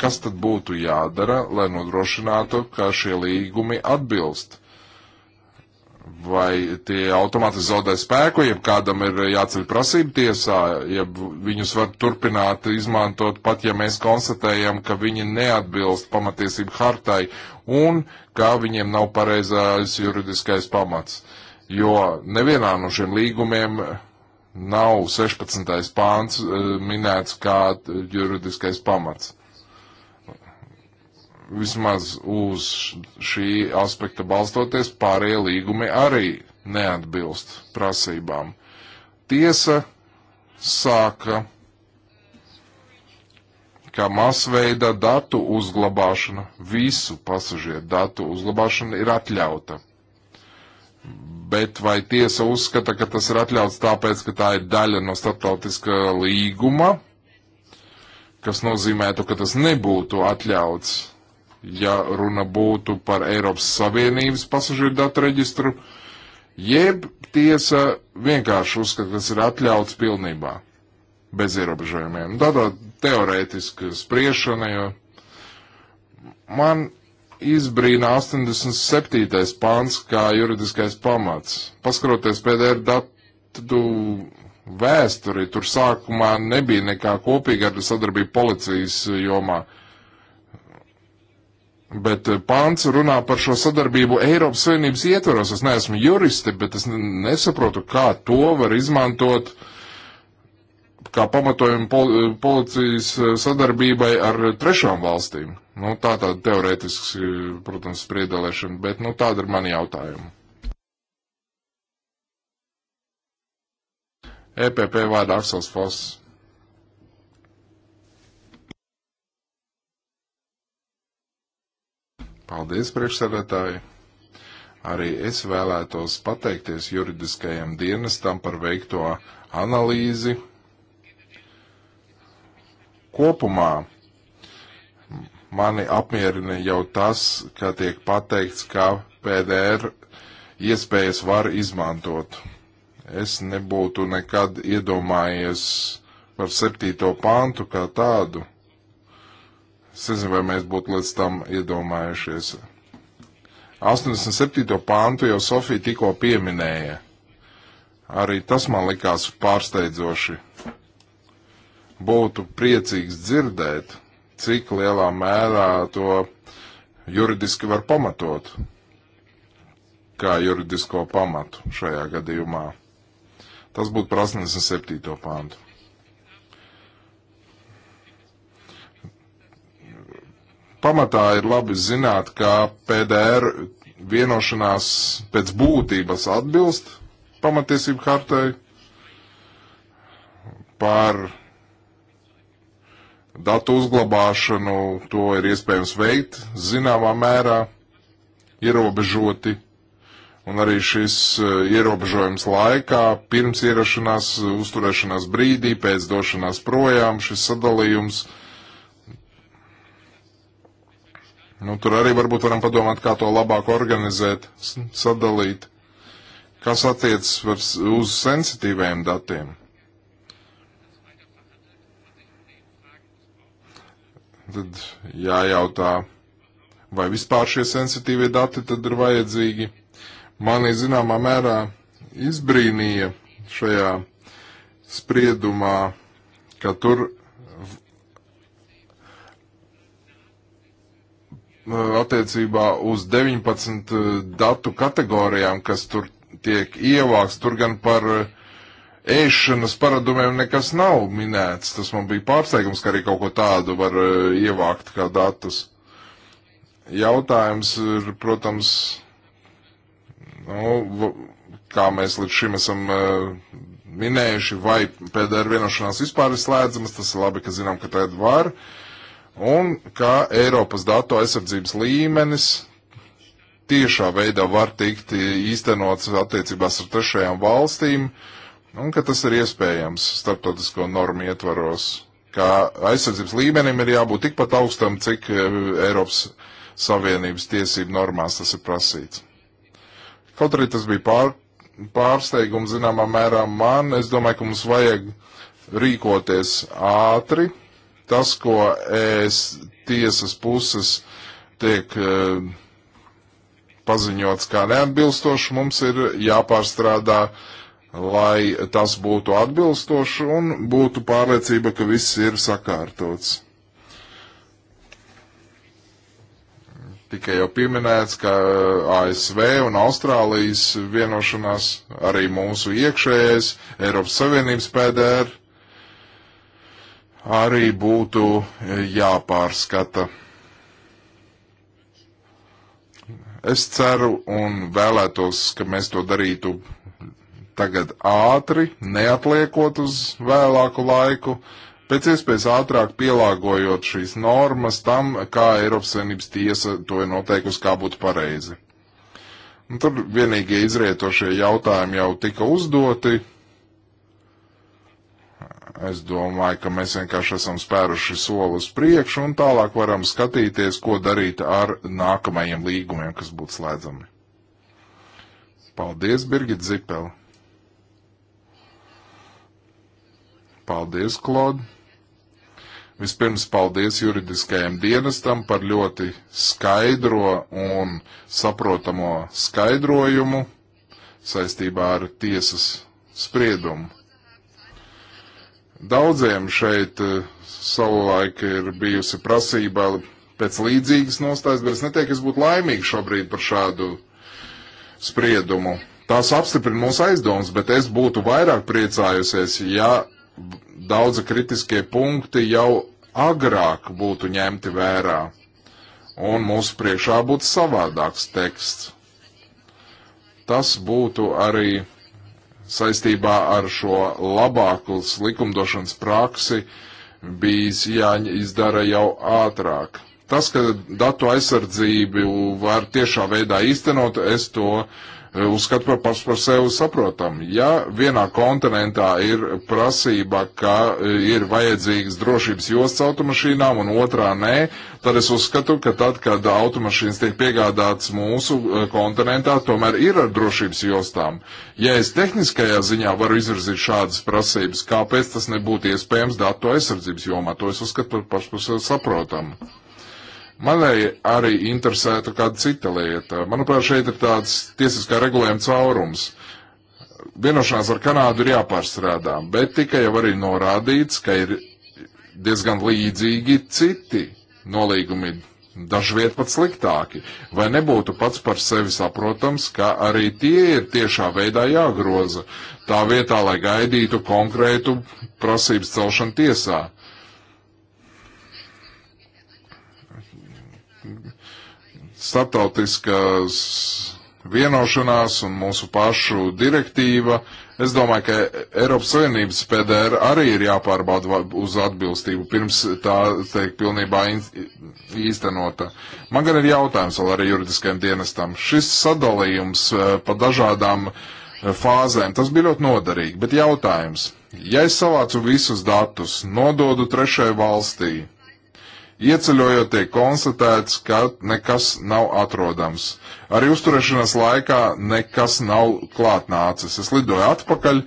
kas tad būtu jādara, lai nodrošinātu, ka šie līgumi atbilst? Vai tie automātiski zaudē spēku, ja kādam ir jāceļ prasība tiesā, ja viņus var turpināt izmantot, pat ja mēs konstatējam, ka viņi neatbilst pamatiesību hartai un ka viņiem nav pareizais juridiskais pamats. Jo nevienā no šiem līgumiem nav 16. pāns eh, minēts kā juridiskais pamats vismaz uz šī aspekta balstoties, pārējie līgumi arī neatbilst prasībām. Tiesa sāka, ka masveida datu uzglabāšana, visu pasažieru datu uzglabāšana ir atļauta. Bet vai tiesa uzskata, ka tas ir atļauts tāpēc, ka tā ir daļa no starptautiska līguma, kas nozīmētu, ka tas nebūtu atļauts ja runa būtu par Eiropas Savienības pasažieru datu reģistru, jeb tiesa vienkārši uzskata, ka tas ir atļauts pilnībā, bez ierobežojumiem. Nu, Tādā teorētiska spriešana, jo man izbrīna 87. pāns kā juridiskais pamats. Paskaroties PDR datu vēsturi, tur sākumā nebija nekā kopīga ar sadarbību policijas jomā. Uh, Bet eh, pāns runā par šo sadarbību Eiropas Savienības ietvaros. Es neesmu juristi, bet es nesaprotu, kā to var izmantot kā pamatojumu pol eh, policijas eh, sadarbībai ar trešām valstīm. Nu, tā tāda teorētisks, protams, spriedelēšana, bet nu, tāda ir mani jautājuma. EPP vārda Aksels Foss. Paldies, priekšsēdētāji! Arī es vēlētos pateikties juridiskajam dienestam par veikto analīzi. Kopumā mani apmierina jau tas, ka tiek pateikts, ka PDR iespējas var izmantot. Es nebūtu nekad iedomājies par septīto pāntu kā tādu Es nezinu, vai mēs būtu līdz tam iedomājušies. 87. pāntu jau Sofija tikko pieminēja. Arī tas man likās pārsteidzoši. Būtu priecīgs dzirdēt, cik lielā mērā to juridiski var pamatot, kā juridisko pamatu šajā gadījumā. Tas būtu par 87. pāntu. pamatā ir labi zināt, ka PDR vienošanās pēc būtības atbilst pamatiesību hartai par datu uzglabāšanu, to ir iespējams veikt zināmā mērā ierobežoti. Un arī šis eh, ierobežojums laikā, pirms ierašanās, uzturēšanās brīdī, pēc došanās projām, šis sadalījums uh, Nu, tur arī varbūt varam padomāt, kā to labāk organizēt, sadalīt, kas attiecas uz sensitīviem datiem. Tad jājautā, vai vispār šie sensitīvie dati tad ir vajadzīgi. Mani zināmā mērā izbrīnīja šajā spriedumā, ka tur attiecībā uz 19 datu kategorijām, kas tur tiek ievāks, tur gan par ēšanas paradumiem nekas nav minēts. Tas man bija pārsteigums, ka arī kaut ko tādu var ievākt kā datus. Jautājums ir, protams, nu, kā mēs līdz šim esam minējuši, vai PDR vienošanās vispār ir slēdzamas, tas ir labi, ka zinām, ka tad var. Uh, un ka Eiropas datu aizsardzības līmenis tiešā veidā var tikt īstenots attiecībās ar trešajām valstīm, un ka tas ir iespējams starptautisko normu ietvaros, ka aizsardzības līmenim ir jābūt tikpat augstam, cik e, Eiropas Savienības tiesību normās tas ir prasīts. Kaut arī tas bija pār, pārsteigums zināmā mērā man, es domāju, ka mums vajag rīkoties ātri Tas, ko es tiesas puses tiek e, paziņots kā neatbilstoši, mums ir jāpārstrādā, lai tas būtu atbilstoši un būtu pārliecība, ka viss ir sakārtots. tikai jau pieminēts, ka e, ASV un Austrālijas vienošanās arī mūsu iekšējais Eiropas Savienības PDR arī būtu e, jāpārskata. Es ceru un vēlētos, ka mēs to darītu tagad ātri, neatliekot uz vēlāku laiku, pēc iespējas ātrāk pielāgojot šīs normas tam, kā Eiropas Savienības tiesa to ir noteikusi, kā būtu pareizi. Un tur vienīgie izrietošie jautājumi jau tika uzdoti, Es domāju, ka mēs vienkārši esam spēruši soli uz priekšu un tālāk varam skatīties, ko darīt ar nākamajiem līgumiem, kas būtu slēdzami. Paldies, Birgit Zipeli! Paldies, Klod! Vispirms paldies juridiskajam dienestam par ļoti skaidro un saprotamo skaidrojumu saistībā ar tiesas spriedumu. Daudziem šeit eh, savulaik ir bijusi prasība pēc līdzīgas nostājas, bet es neteiktu, ka es būtu laimīgs šobrīd par šādu spriedumu. Tās apstiprina mūsu aizdomas, bet es būtu vairāk priecājusies, ja daudzi kritiskie punkti jau agrāk būtu ņemti vērā un mūsu priekšā būtu savādāks teksts. Tas būtu arī saistībā ar šo labāku likumdošanas praksi bijis jāizdara jau ātrāk. Tas, ka datu aizsardzību var tiešā veidā īstenot, es to uh, Eh, uzskatu par pašu par sevi saprotam. Ja vienā kontinentā ir prasība, ka eh, ir vajadzīgas drošības jostas automašīnām un otrā nē, tad es uzskatu, ka tad, kad automašīnas tiek piegādātas mūsu eh, kontinentā, tomēr ir ar drošības jostām. Ja es tehniskajā ziņā varu izvirzīt šādas prasības, kāpēc tas nebūtu iespējams datu aizsardzības jomā, to es uzskatu par pašu par sevi saprotamu. Manai arī interesētu kāda cita lieta. Manuprāt, šeit ir tāds tiesiskā regulējuma caurums. Vienošanās ar Kanādu ir jāpārstrādā, bet tikai jau arī norādīts, ka ir diezgan līdzīgi citi nolīgumi dažviet pat sliktāki. Vai nebūtu pats par sevi saprotams, ka arī tie ir tiešā veidā jāgroza, tā vietā, lai gaidītu konkrētu prasības celšanu tiesā? starptautiskas vienošanās un mūsu pašu direktīva. Es domāju, ka Eiropas Savienības PDR arī ir jāpārbauda uz atbilstību pirms tā tiek pilnībā īstenota. Man gan ir jautājums vēl arī juridiskajam dienestam. Šis sadalījums eh, pa dažādām eh, fāzēm, tas bija ļoti noderīgi, bet jautājums. Ja es savācu visus datus, nododu trešai valstī, Ieceļojot tiek konstatēts, ka nekas nav atrodams. Arī uzturēšanās laikā nekas nav klātnācis. Es lidoju atpakaļ,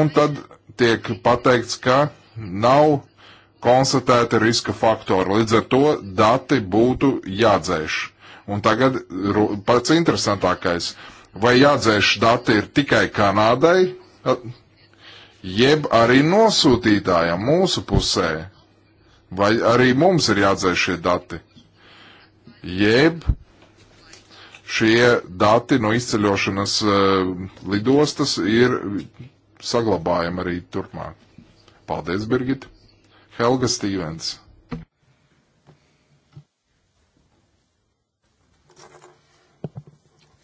un tad tiek pateikts, ka nav konstatēta riska faktori. Līdz ar to dati būtu jādzēš. Un tagad pats interesantākais. Vai jādzēš dati ir tikai Kanādai, jeb arī nosūtītājam mūsu pusē? Vai arī mums ir jādzēr šie dati? Jeb šie dati no izceļošanas uh, lidostas ir saglabājami arī turpmāk. Paldies, Birgit. Helga Stevens.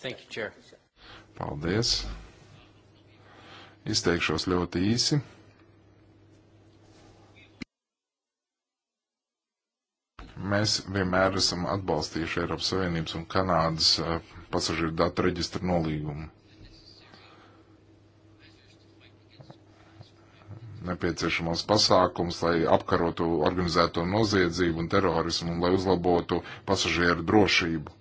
Thank you, Chair. Paldies. Izteikšos ļoti īsi. Mēs vienmēr esam atbalstījuši Eiropas Savienības un Kanādas eh, pasažieru datu reģistra nolīgumu. nepieciešamos pasākums, lai apkarotu organizēto noziedzību un terorismu un lai uzlabotu pasažieru drošību.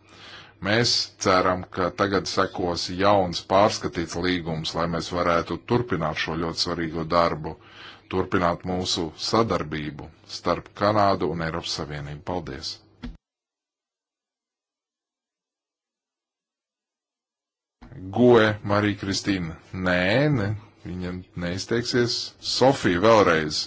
Mēs ceram, ka tagad sekos jauns pārskatīts līgums, lai mēs varētu turpināt šo ļoti svarīgo darbu. Uh, turpināt mūsu sadarbību starp Kanādu un Eiropas Savienību. Paldies! Goe Marija Kristīna. Nē, ne, viņa neizteiksies. Sofija vēlreiz.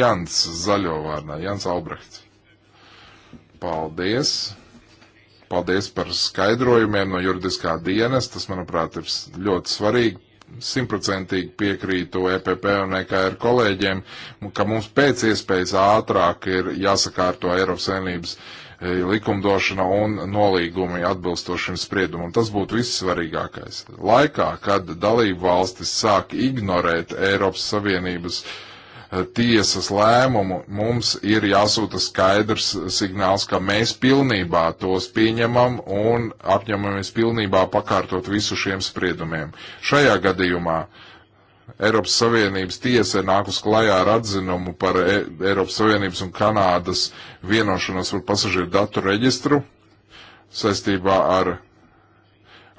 Jans zaļo vārdā, Jans Albrechts. Paldies! Paldies par skaidrojumiem no juridiskā dienas. Tas, manuprāt, ir ļoti svarīgi. Simtprocentīgi piekrītu EPP un EKR kolēģiem, ka mums pēc iespējas ātrāk ir jāsakārto Eiropas Savienības e, likumdošana un nolīgumi atbilstoši šim spriedumam. Tas būtu vissvarīgākais. Laikā, kad dalību valstis sāk ignorēt Eiropas Savienības uh, Eh, tiesas lēmumu, mums ir jāsūta skaidrs signāls, ka mēs pilnībā tos pieņemam un apņemamies pilnībā pakārtot visu šiem spriedumiem. Šajā gadījumā Eiropas Savienības tiesa ir nākus klajā ar atzinumu par e Eiropas Savienības un Kanādas vienošanos par pasažieru datu reģistru saistībā ar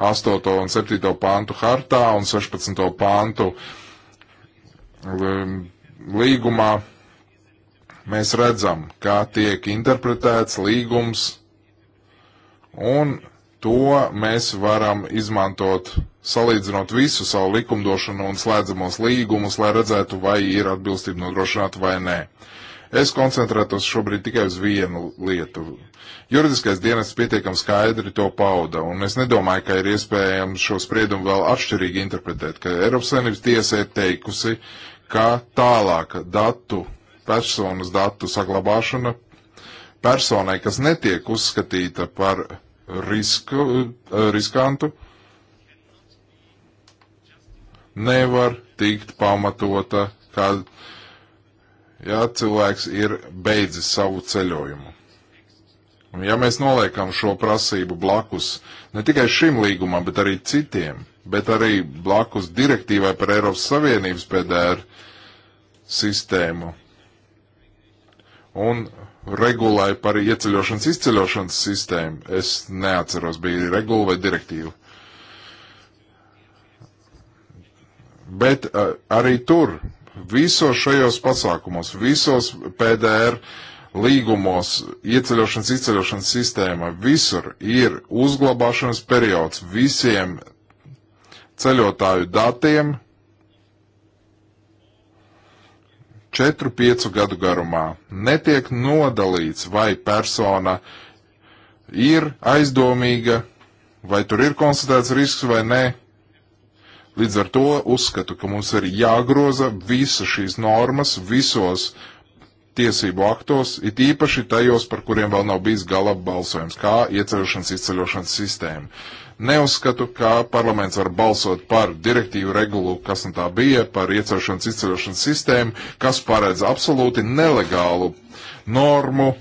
8. un 7. pāntu hartā un 16. pāntu um, līgumā mēs redzam, kā tiek interpretēts līgums, un to mēs varam izmantot, salīdzinot visu savu likumdošanu un slēdzamos līgumus, lai redzētu, vai ir atbilstība nodrošināta vai nē. Es koncentrētos šobrīd tikai uz vienu lietu. Juridiskais dienas pietiekami skaidri to pauda, un es nedomāju, ka ir iespējams šo spriedumu vēl atšķirīgi interpretēt, ka Eiropas Savienības tiesa ir teikusi, ka tālāka datu, personas datu saglabāšana personai, kas netiek uzskatīta par risku, eh, riskantu, nevar tikt pamatota, kā ja cilvēks ir beidzis savu ceļojumu. Un ja mēs noliekam šo prasību blakus ne tikai šim līgumam, bet arī citiem, bet arī blakus direktīvai par Eiropas Savienības PDR sistēmu un regulai par ieceļošanas izceļošanas sistēmu. Es neatceros, bija regula vai direktīva. Bet arī tur, visos šajos pasākumos, visos PDR līgumos, ieceļošanas, izceļošanas sistēmā visur ir uzglabāšanas periods visiem ceļotāju datiem 4-5 gadu garumā. Netiek nodalīts, vai persona ir aizdomīga, vai tur ir konstatēts risks vai nē. Līdz ar to uzskatu, ka mums ir jāgroza visas šīs normas visos tiesību aktos, it īpaši tajos, par kuriem vēl nav bijis gala balsojums, kā ieceļošanas izceļošanas sistēma. Neuzskatu, ka parlaments var balsot par direktīvu regulu, kas un nu tā bija, par iecelšanas izceļošanas sistēmu, kas paredz absolūti nelegālu normu,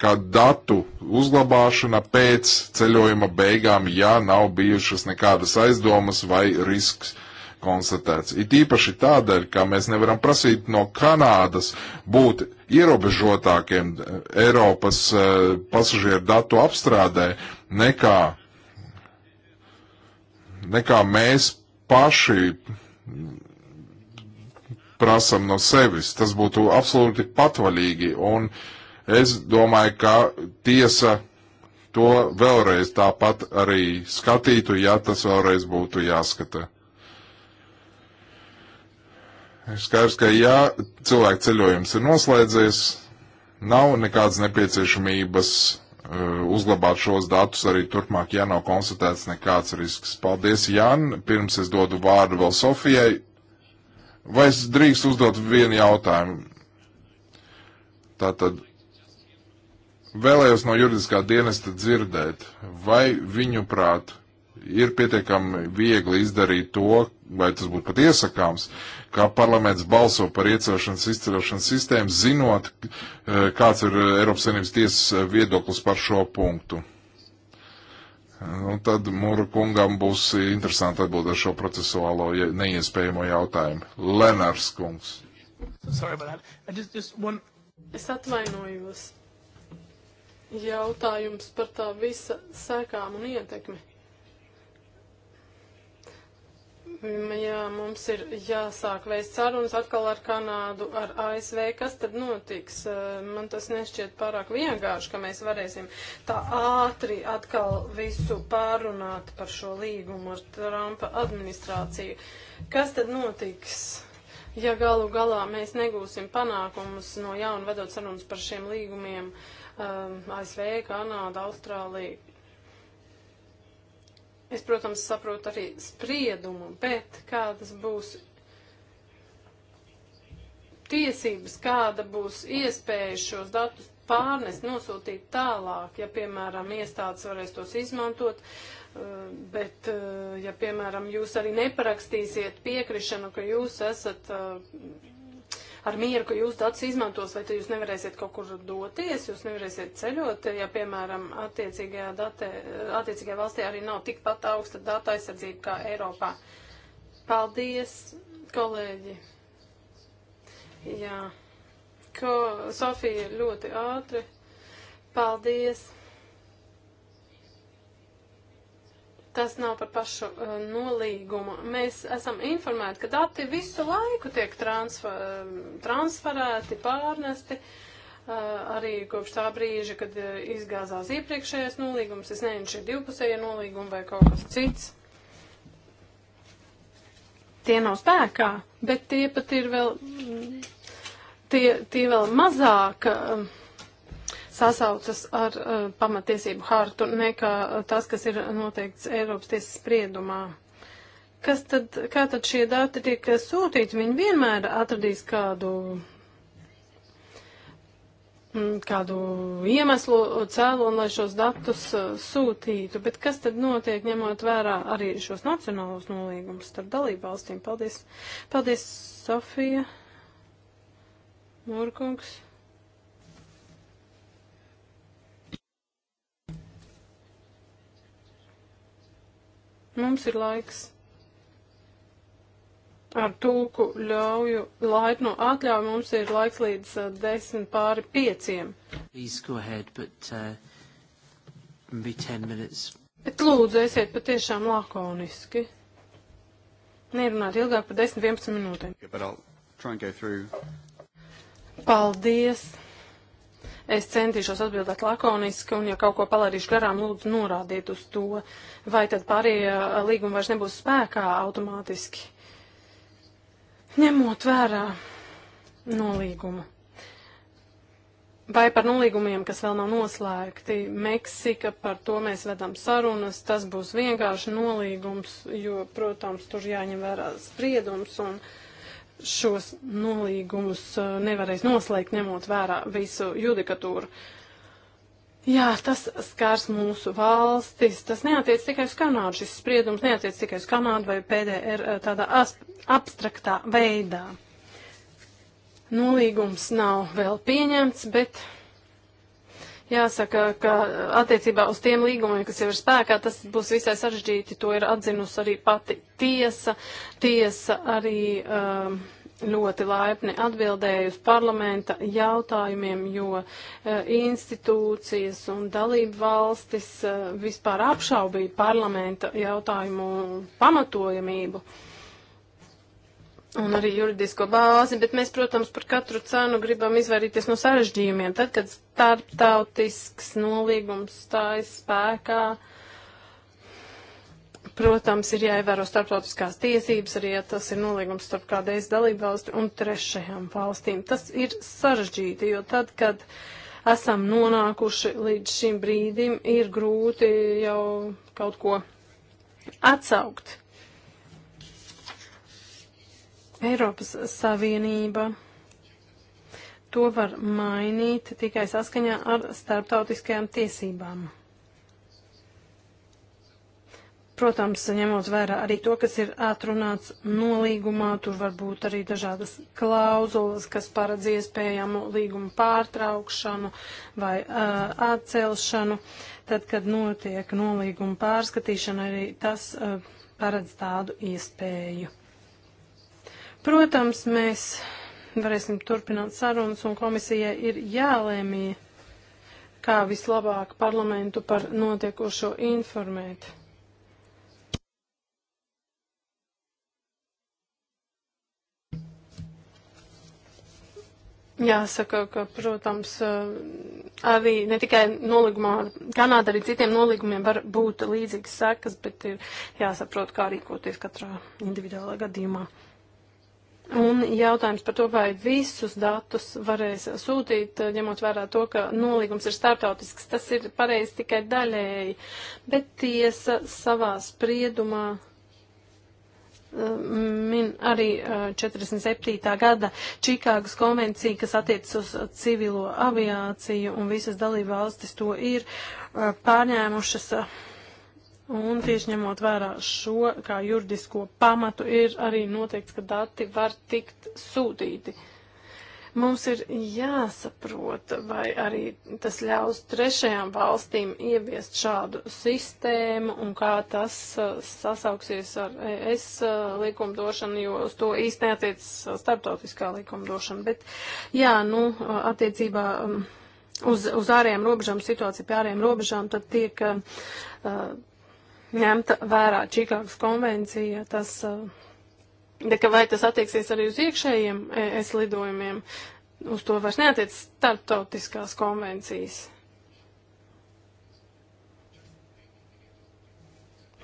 kā datu uzglabāšana pēc ceļojuma beigām, ja nav bijušas nekādas aizdomas vai risks konstatēts. It īpaši tādēļ, ka mēs nevaram prasīt no Kanādas būt ierobežotākiem Eiropas eh, pasažieru datu apstrādē nekā nekā mēs paši prasam no sevis. Tas būtu absolūti patvaļīgi, un es domāju, ka tiesa to vēlreiz tāpat arī skatītu, ja tas vēlreiz būtu jāskata. Skaidrs, ka ja cilvēku ceļojums ir noslēdzies, nav nekādas nepieciešamības Eh, uzglabāt šos datus arī turpmāk, ja nav konstatēts nekāds risks. Paldies, Jan. Pirms es dodu vārdu vēl Sofijai. Vai es drīkst uzdot vienu jautājumu? Tātad vēlējos no juridiskā dienesta dzirdēt, vai viņu prāt ir pietiekami viegli izdarīt to, vai tas būtu pat iesakāms, kā parlaments balso par iecelšanas izceļošanas sistēmu, zinot, eh, kāds ir Eiropas Savienības tiesas eh, viedoklis par šo punktu. Un nu, tad Mūra kungam būs interesanti atbildēt šo procesuālo neiespējamo jautājumu. Lenārs kungs. Sorry, just, just one... Es atvainojos. Jautājums par tā visa sekām un ietekmi. Mm, jā, mums ir jāsāk vēst sarunas atkal ar Kanādu, ar ASV. Kas tad notiks? Eh, man tas nešķiet pārāk vienkārši, ka mēs varēsim tā ātri atkal visu pārunāt par šo līgumu ar Trumpa administrāciju. Kas tad notiks? ja galu galā mēs negūsim panākumus no jauna vedot sarunas par šiem līgumiem um, eh, ASV, Kanāda, Austrālija, Es, protams, saprotu arī spriedumu, bet kādas būs tiesības, kāda būs iespēja šos datus pārnest, nosūtīt tālāk, ja, piemēram, iestādes varēs tos izmantot, uh, bet, uh, ja, piemēram, jūs arī neparakstīsiet piekrišanu, ka jūs esat uh, ar mieru, ka jūs datus izmantos, vai tad jūs nevarēsiet kaut kur doties, jūs nevarēsiet ceļot, ja, piemēram, attiecīgajā, datē, attiecīgajā valstī arī nav tikpat augsta data aizsardzība kā Eiropā. Paldies, kolēģi! Jā, ko Sofija ļoti ātri. Paldies! tas nav par pašu uh, nolīgumu. Mēs esam informēti, ka dati visu laiku tiek transfer, um, transferēti, pārnesti. Uh, arī kopš tā brīža, kad uh, izgāzās iepriekšējais nolīgums, es nezinu, šī divpusēja nolīguma vai kaut kas cits. Tie nav spēkā, bet tie pat ir vēl, mm, tie, tie vēl mazāk. Uh, um, sasaucas ar uh, pamatiesību hartu nekā eh, tas, kas ir noteikts Eiropas tiesas spriedumā. Kas tad, kā tad šie dati tiek sūtīti? Viņi vienmēr atradīs kādu mm, kādu iemeslu cēloni, lai šos datus eh, sūtītu, bet kas tad notiek, ņemot vērā arī šos nacionālos nolīgumus starp dalību valstīm? Paldies, paldies Sofija, Mūrkungs. Mums ir laiks. Ar tulku ļauju laipnu atļauju mums ir laiks līdz uh, desmit pāri pieciem. Ahead, but, uh, bet lūdzu, esiet patiešām lakoniski. Nerunāt ilgāk par 10-11 minūtēm. Yeah, Paldies! Es centīšos atbildēt lakoniski, un ja kaut ko palarīšu garām, lūdzu norādiet uz to, vai tad pārējie uh, līgumi vairs nebūs spēkā automātiski, ņemot vērā nolīgumu. Vai par nolīgumiem, kas vēl nav noslēgti, Meksika, par to mēs vedam sarunas, tas būs vienkārši nolīgums, jo, protams, tur jāņem vērā spriedums un uh, šos nolīgumus uh, nevarēs noslēgt, ņemot vērā visu judikatūru. Jā, tas skars mūsu valstis. Tas neatiec tikai uz Kanādu. Šis spriedums neatiec tikai uz Kanādu vai PDR uh, tādā abstraktā veidā. Nolīgums nav vēl pieņemts, bet Jāsaka, ka attiecībā uz tiem līgumiem, kas jau ir spēkā, tas būs visai sarežģīti. To ir atzinusi arī pati tiesa. Tiesa arī um, ļoti laipni atbildēja uz parlamenta jautājumiem, jo uh, institūcijas un dalību valstis uh, vispār apšaubīja parlamenta jautājumu pamatojamību. Uh, un arī juridisko bāzi, bet mēs, protams, par katru cenu gribam izvairīties no sarežģījumiem. Tad, kad starptautisks nolīgums stājas spēkā, protams, ir jāievēro starptautiskās tiesības, arī ja tas ir nolīgums starp kādreiz dalībvalstu un trešajām valstīm. Tas ir sarežģīti, jo tad, kad esam nonākuši līdz šim brīdim, ir grūti jau kaut ko atsaukt. Eiropas Savienība to var mainīt tikai saskaņā ar starptautiskajām tiesībām. Protams, ņemot vērā arī to, kas ir atrunāts nolīgumā, tur var būt arī dažādas klauzulas, kas paredz iespējamu līgumu pārtraukšanu vai uh, atcelšanu. Tad, kad notiek nolīguma pārskatīšana, arī tas uh, paredz tādu iespēju. Protams, mēs varēsim turpināt sarunas un komisijai ir jālēmī, kā vislabāk parlamentu par notiekošo informēt. Jāsaka, ka, protams, eh, arī ne tikai nolīgumā ar Kanādu, arī citiem nolīgumiem var būt līdzīgas sekas, bet ir jāsaprot, kā rīkoties katrā individuālā gadījumā. Un jautājums par to, vai visus datus varēs sūtīt, ņemot vērā to, ka nolīgums ir startautisks, tas ir pareizi tikai daļēji, bet tiesa savā spriedumā eh, min arī 47. Eh, gada Čikāgas konvencija, kas attiecas uz civilo aviāciju, un visas dalībvalstis to ir eh, pārņēmušas Un tieši ņemot vērā šo kā juridisko pamatu ir arī noteikts, ka dati var tikt sūtīti. Mums ir jāsaprot, vai arī tas ļaus trešajām valstīm ieviest šādu sistēmu un kā tas uh, sasauksies ar ES uh, likumdošanu, jo uz to īsti neatiec uh, starptautiskā likumdošana. Bet jā, nu, attiecībā um, uz, uz ārējām robežām, situācija pie ārējām robežām, tad tiek. Uh, ņemta vērā Čikāgas konvencija, tas, eh, deka vai tas attieksies arī uz iekšējiem ES lidojumiem, uz to vairs neatiec starptautiskās konvencijas.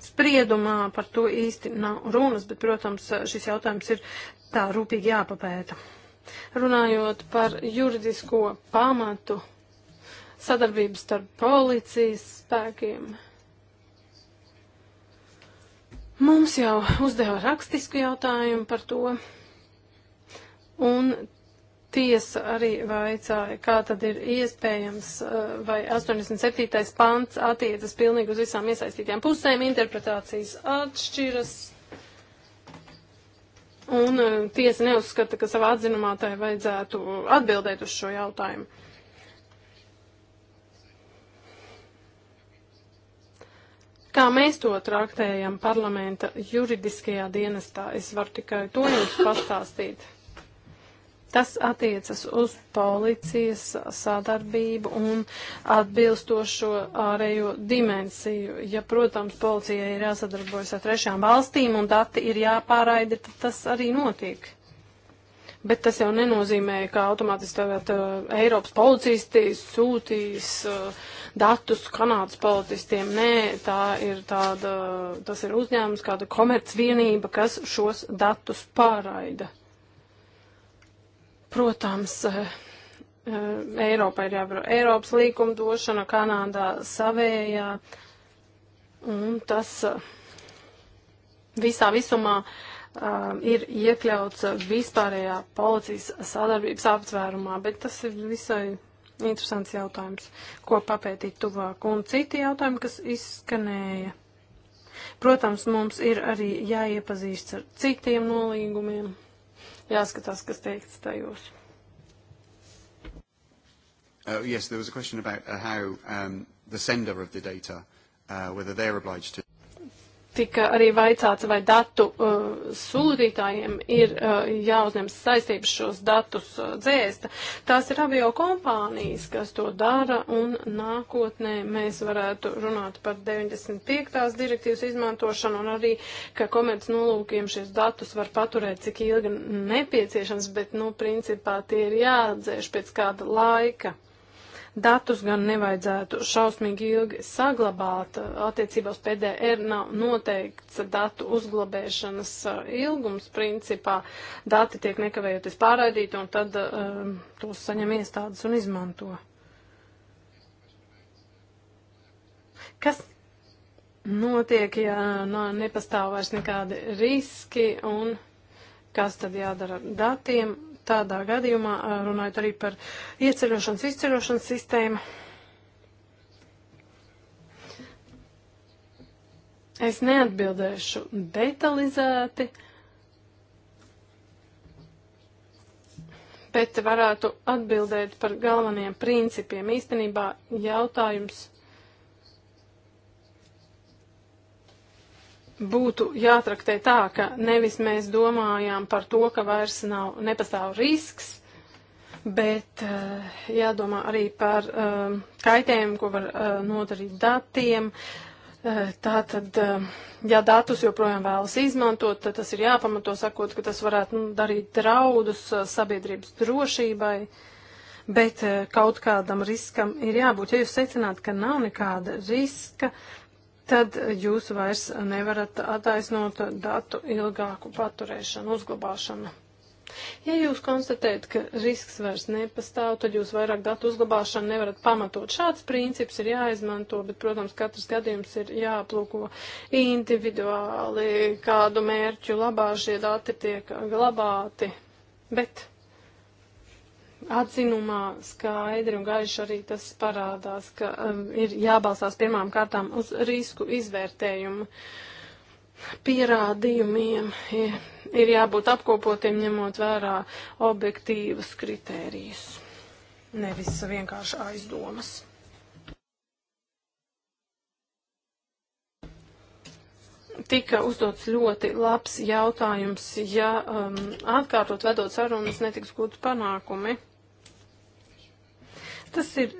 Spriedumā par to īsti nav runas, bet, protams, šis jautājums ir tā rūpīgi jāpapēta. Runājot par juridisko pamatu sadarbības starp policijas spēkiem. Mums jau uzdeva rakstisku jautājumu par to, un tiesa arī vaicāja, kā tad ir iespējams, eh, vai 87. pants attiecas pilnīgi uz visām iesaistītajām pusēm, interpretācijas atšķiras. Un eh, tiesa neuzskata, ka savā atzinumā tai vajadzētu atbildēt uz šo jautājumu. Kā mēs to traktējam parlamenta juridiskajā dienestā, es varu tikai to jums pastāstīt. Tas attiecas uz policijas sadarbību un atbilstošo ārējo dimensiju. Ja, protams, policijai ir jāsadarbojas ar trešām valstīm un dati ir jāpāraida, tad tas arī notiek bet tas jau nenozīmē, ka automātiski tagad uh, Eiropas policisti sūtīs uh, datus Kanādas policistiem. Nē, tā ir tāda, tas ir uzņēmums, kāda komercvienība, kas šos datus pārraida. Protams, uh, uh Eiropa ir jābūt Eiropas līkumdošana, Kanādā savējā, un tas uh, visā visumā uh, um, ir iekļauts vispārējā policijas sadarbības aptvērumā, bet tas ir visai interesants jautājums, ko papētīt tuvāk. Un citi jautājumi, kas izskanēja. Protams, mums ir arī jāiepazīst ar citiem nolīgumiem, jāskatās, kas teikts tajos. Uh, yes, there was a question about uh, how um, the sender of the data, uh, whether they're obliged to tika arī vaicāts, vai datu uh, sūtītājiem ir uh, jāuzņemas saistības šos datus uh, dzēst. Tās ir avio kompānijas, kas to dara, un nākotnē mēs varētu runāt par 95. direktīvas izmantošanu, un arī, ka komerc nolūkiem šis datus var paturēt, cik ilgi nepieciešams, bet, nu, principā tie ir jāatdzēš pēc kāda laika. Datus gan nevajadzētu šausmīgi ilgi saglabāt. Attiecībā uz PDR nav noteikts datu uzglabēšanas uh, ilgums principā. Dati tiek nekavējoties pārraidīti un tad um, tos saņem iestādes un izmanto. Kas notiek, ja no, nepastāv vairs nekādi riski un kas tad jādara datiem tādā gadījumā, runājot arī par ieceļošanas, izceļošanas sistēmu, es neatbildēšu detalizēti, bet varētu atbildēt par galvenajiem principiem. Īstenībā jautājums būtu jātraktē tā, ka nevis mēs domājām par to, ka vairs nav, nepastāv risks, bet uh, jādomā arī par uh, kaitējumu, ko var uh, nodarīt datiem. Tātad, ja datus joprojām vēlas izmantot, tad tas ir jāpamato sakot, ka tas varētu nu, darīt draudus sabiedrības drošībai, bet kaut kādam riskam ir jābūt. Ja jūs secināt, ka nav nekāda riska, uh, tad jūs vairs nevarat attaisnot datu ilgāku paturēšanu, uzglabāšanu. Ja jūs konstatējat, ka risks vairs nepastāv, tad jūs vairāk datu uzglabāšanu nevarat pamatot. Šāds princips ir jāizmanto, bet, protams, katrs gadījums ir jāaplūko individuāli, kādu mērķu labā šie dati tiek glabāti. Bet atzinumā skaidri un gaiši arī tas parādās, ka um, ir jābalstās pirmām kārtām uz risku izvērtējumu pierādījumiem, ir, ir jābūt apkopotiem ņemot vērā objektīvas kritērijas, nevis vienkārši aizdomas. tika uzdots ļoti labs jautājums, ja um, atkārtot vedot sarunas netiks gūti panākumi. Tas ir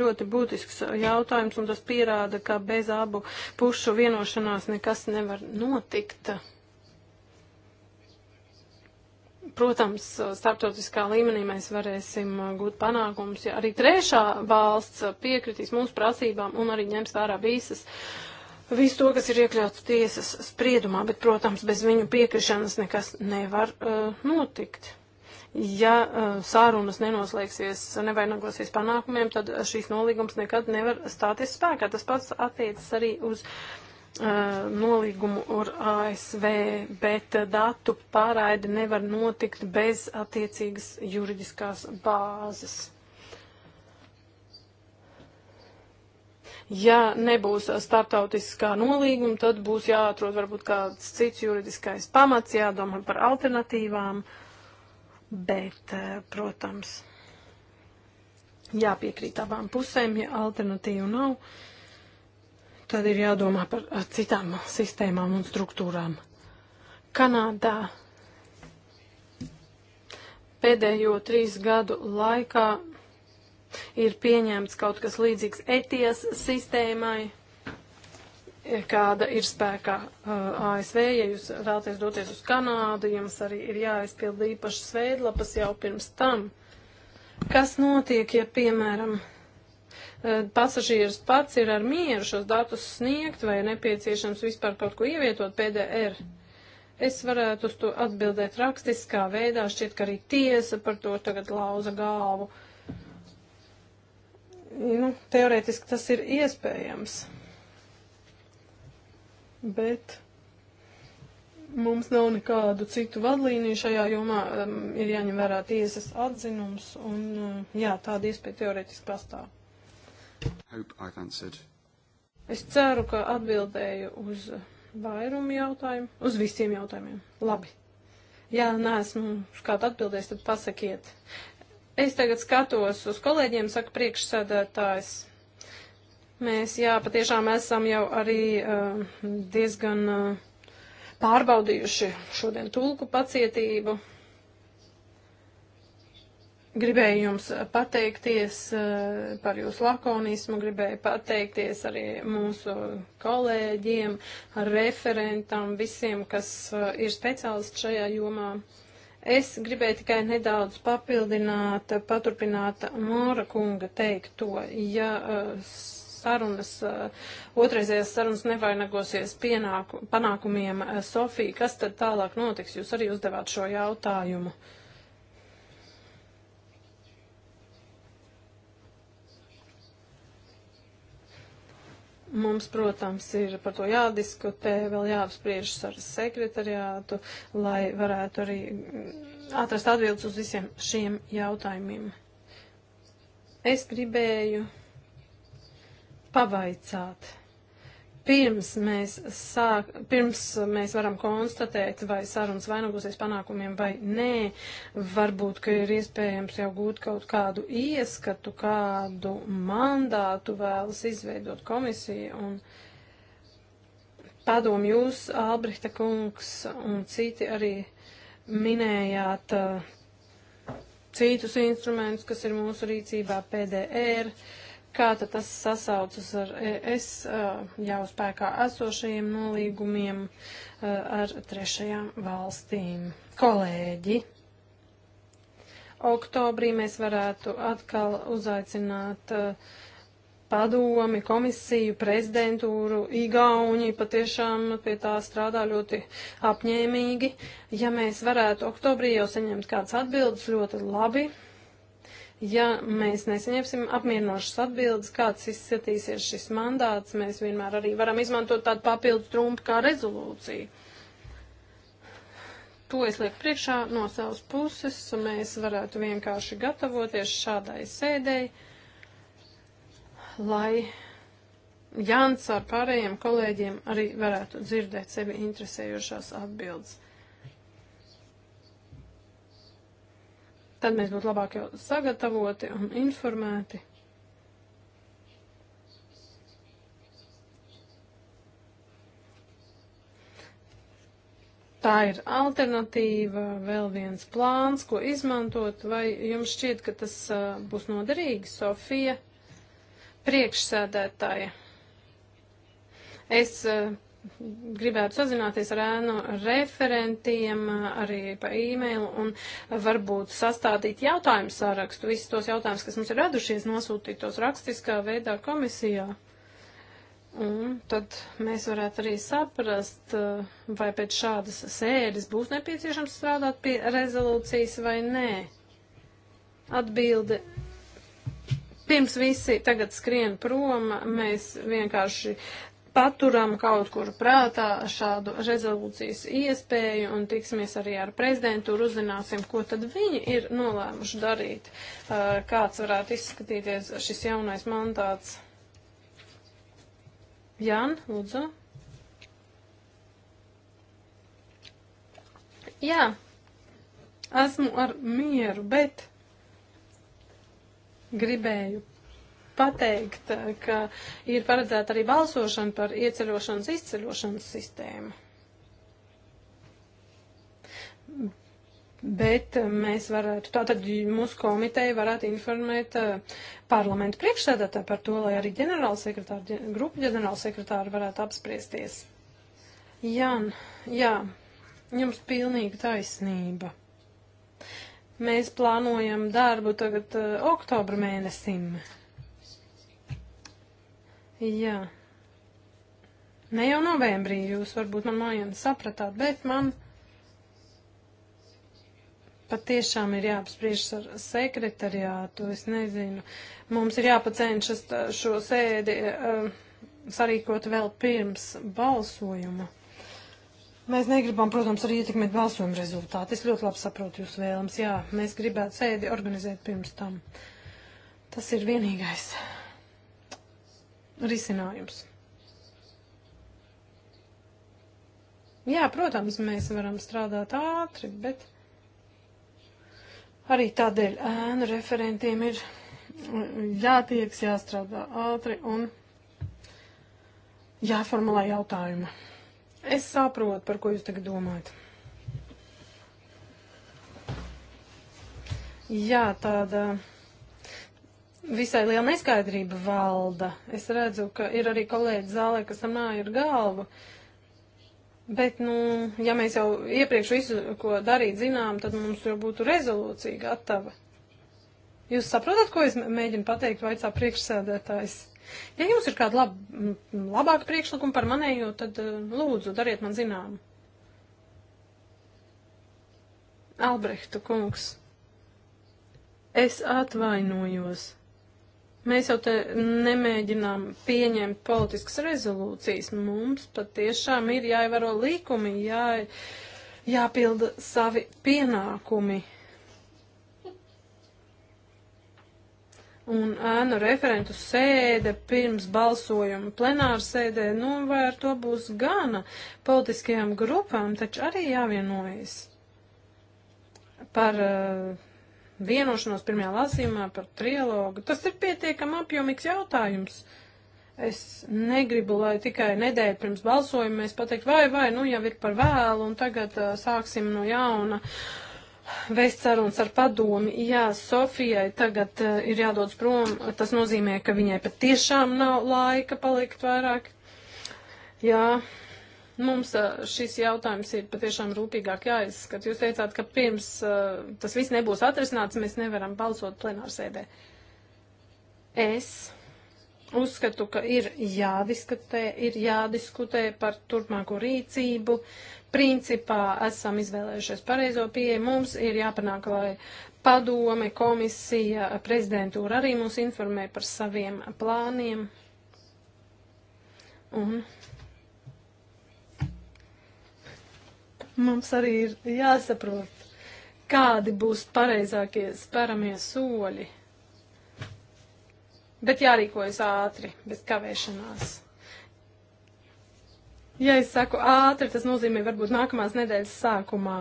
ļoti būtisks jautājums, un tas pierāda, ka bez abu pušu vienošanās nekas nevar notikt. Protams, starptautiskā līmenī mēs varēsim gūt panākumus, ja arī trešā valsts piekritīs mūsu prasībām un arī ņems vērā visas, visu to, kas ir iekļauts tiesas spriedumā, bet, protams, bez viņu piekrišanas nekas nevar uh, notikt. Ja e, sārunas nenoslēgsies, nevainagosies panākumiem, tad šīs nolīgums nekad nevar stāties spēkā. Tas pats attiecas arī uz e, nolīgumu ar ASV, bet datu pārraide nevar notikt bez attiecīgas juridiskās bāzes. Ja nebūs startautiskā nolīguma, tad būs jāatrod varbūt kāds cits juridiskais pamats, jādomā par alternatīvām. Uh, bet, eh, protams, jāpiekrīt abām pusēm, ja alternatīvu nav, tad ir jādomā par eh, citām sistēmām un struktūrām. Kanādā pēdējo trīs gadu laikā ir pieņemts kaut kas līdzīgs ETIAS sistēmai kāda ir spēkā uh, ASV. Ja jūs vēlaties doties uz Kanādu, jums arī ir jāaizpild īpašas veidlapas jau pirms tam. Kas notiek, ja, piemēram, uh, pasažieris pats ir ar mieru šos datus sniegt vai nepieciešams vispār kaut ko ievietot PDR? Es varētu uz to atbildēt rakstiskā veidā, šķiet, ka arī tiesa par to tagad lauza galvu. Nu, teorētiski tas ir iespējams bet mums nav nekādu citu vadlīniju šajā jomā. Um, ir jāņem vērā tiesas atzinums, un um, jā, tāda iespēja teoretiski pastāv. Es ceru, ka atbildēju uz vairumu jautājumu, uz visiem jautājumiem. Labi. Ja neesmu uz kādu atbildējis, tad pasakiet. Es tagad skatos uz kolēģiem, saka priekšsēdētājs. Mēs, jā, patiešām esam jau arī uh, diezgan uh, pārbaudījuši šodien tulku pacietību. Gribēju jums pateikties uh, par jūsu lakonismu, gribēju pateikties arī mūsu kolēģiem, referentam, visiem, kas uh, ir speciālisti šajā jomā. Es gribēju tikai nedaudz papildināt, paturpināt Māra kunga teikto. Ja uh, sarunas, eh, otraizējās sarunas nevainagosies pienāku, panākumiem. Eh, Sofija, kas tad tālāk notiks? Jūs arī uzdevāt šo jautājumu. Mums, protams, ir par to jādiskutē, vēl jāapspriežas ar sekretariātu, lai varētu arī atrast atbildes uz visiem šiem jautājumiem. Es gribēju pavaicāt. Pirms mēs, sāk, pirms mēs varam konstatēt, vai sarunas vainagosies panākumiem vai nē, varbūt, ka ir iespējams jau gūt kaut kādu ieskatu, kādu mandātu vēlas izveidot komisija un padomu jūs, Albrihta kungs un citi arī minējāt uh, citus instrumentus, kas ir mūsu rīcībā PDR. Uh, kā tad tas sasaucas ar ES jau spēkā esošajiem nolīgumiem ar trešajām valstīm. Kolēģi, oktobrī mēs varētu atkal uzaicināt padomi, komisiju, prezidentūru, igauņi patiešām pie tā strādā ļoti apņēmīgi. Ja mēs varētu oktobrī jau saņemt kādas atbildes, ļoti labi, Ja mēs nesaņemsim apmierinošas atbildes, kāds izskatīsies šis mandāts, mēs vienmēr arī varam izmantot tādu papildu trumpu kā rezolūciju. To es lieku priekšā no savas puses, un mēs varētu vienkārši gatavoties šādai sēdēji, lai Jānis ar pārējiem kolēģiem arī varētu dzirdēt sevi interesējošās atbildes. Tad mēs būtu labāk jau sagatavoti un informēti. tā ir alternatīva, vēl viens plāns, ko izmantot, vai jums šķiet, ka tas uh, būs noderīgi, Sofija, priekšsēdētāja? Es uh, gribētu sazināties ar ēnu referentiem, arī pa e-mailu un varbūt sastādīt jautājumu sarakstu, visus tos jautājumus, kas mums ir radušies, nosūtīt tos rakstiskā veidā komisijā. Un tad mēs varētu arī saprast, vai pēc šādas sēdes būs nepieciešams strādāt pie rezolūcijas vai nē. Atbilde pirms visi tagad skrien prom, mēs vienkārši paturam kaut kur prātā šādu rezolūcijas iespēju un tiksimies arī ar prezidentūru, uzzināsim, ko tad viņi ir nolēmuši darīt, kāds varētu izskatīties šis jaunais mandāts. Jan, lūdzu. Jā, esmu ar mieru, bet gribēju pateikt, eh, ka ir paredzēta arī balsošana par ieceļošanas izceļošanas sistēmu. Bet eh, mēs varētu, tātad mūsu komiteja varētu informēt eh, parlamentu priekšsēdētāju par to, lai arī ģenerālsekretāri, grupu ģenerālsekretāri varētu apspriesties. Jan, jā, jums pilnīga taisnība. Mēs plānojam darbu tagad uh, oktobra mēnesim. Jā. Ne jau novembrī jūs varbūt man mājām sapratāt, bet man patiešām ir jāapspriež ar sekretariātu. Es nezinu, mums ir jāpacenšas šo sēdi uh, sarīkot vēl pirms balsojuma. Mēs negribam, protams, arī ietekmēt balsojuma rezultātu. Es ļoti labi saprotu jūsu vēlams. Jā, mēs gribētu sēdi organizēt pirms tam. Tas ir vienīgais risinājums. Jā, protams, mēs varam strādāt ātri, bet arī tādēļ ēnu referentiem ir jātieks, jāstrādā ātri un jāformulē jautājuma. Es saprotu, par ko jūs tagad domājat. Jā, tāda. Uh, visai liela neskaidrība valda. Es redzu, ka ir arī kolēģi zālē, kas samnāja ar galvu. Bet, nu, ja mēs jau iepriekš visu, ko darīt, zinām, tad mums jau būtu rezolūcija gatava. Jūs saprotat, ko es mēģinu pateikt, vaicā priekšsēdētājs? Ja jums ir kāda lab, labāka priekšlikuma par manējo, tad eh, lūdzu, dariet man zinām. Albrehtu kungs, es atvainojos. Mēs jau te nemēģinām pieņemt politiskas rezolūcijas. Mums patiešām ir jāievaro likumi, jā, jāpilda savi pienākumi. Un ēnu referentu sēde pirms balsojuma plenāra sēdē, nu vai ar to būs gana politiskajām grupām, taču arī jāvienojas par uh, vienošanos pirmajā lasījumā par trilogu. Tas ir pietiekam apjomīgs jautājums. Es negribu, lai tikai nedēļa pirms balsojuma mēs pateikt, vai, vai, nu jau ir par vēlu un tagad uh, sāksim no jauna. Uh, vēst sarunas ar padomi. Jā, Sofijai tagad uh, ir jādodas prom. Tas nozīmē, ka viņai pat tiešām nav laika palikt vairāk. Jā, Mums šis jautājums ir patiešām rūpīgāk jāizskat. Jūs teicāt, ka pirms tas viss nebūs atrisināts, mēs nevaram balsot plenārsēdē. Es uzskatu, ka ir jādiskutē, ir jādiskutē par turpmāko rīcību. Principā esam izvēlējušies pareizo pieeju. Mums ir jāpanāk, lai padome, komisija, prezidentūra arī mūs informē par saviem plāniem. Un Mums arī ir jāsaprot, kādi būs pareizākie spēramie soļi. Bet jārīkojas ātri, bez kavēšanās. Ja es saku ātri, tas nozīmē varbūt nākamās nedēļas sākumā.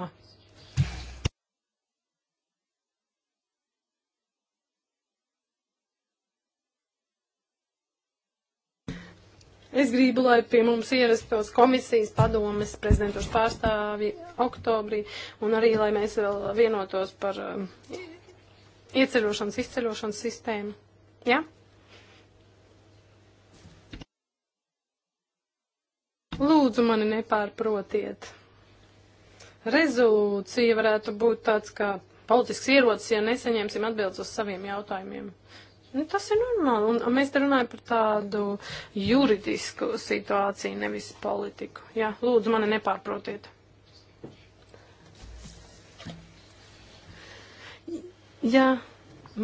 Es gribu, lai pie mums ierastos komisijas padomes prezidentūras pārstāvi oktobrī un arī, lai mēs vēl vienotos par um, ieceļošanas, izceļošanas sistēmu. Ja? Lūdzu, mani nepārprotiet. Rezolūcija varētu būt tāds kā politisks ierocis, ja nesaņemsim atbildes uz saviem jautājumiem. Uh, Nu, tas ir normāli, un mēs te runājam par tādu juridisku situāciju, nevis politiku. Jā, lūdzu, mani nepārprotiet. Jā,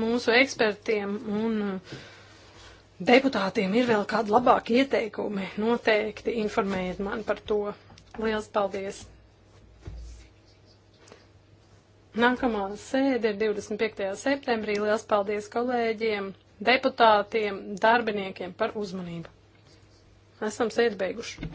mūsu ekspertiem un uh, deputātiem ir vēl kādi labāki ieteikumi. Noteikti informējiet man par to. Liels paldies! Nākamā sēde ir 25. septembrī. Liels paldies kolēģiem, deputātiem, darbiniekiem par uzmanību. Esam sēdi beiguši.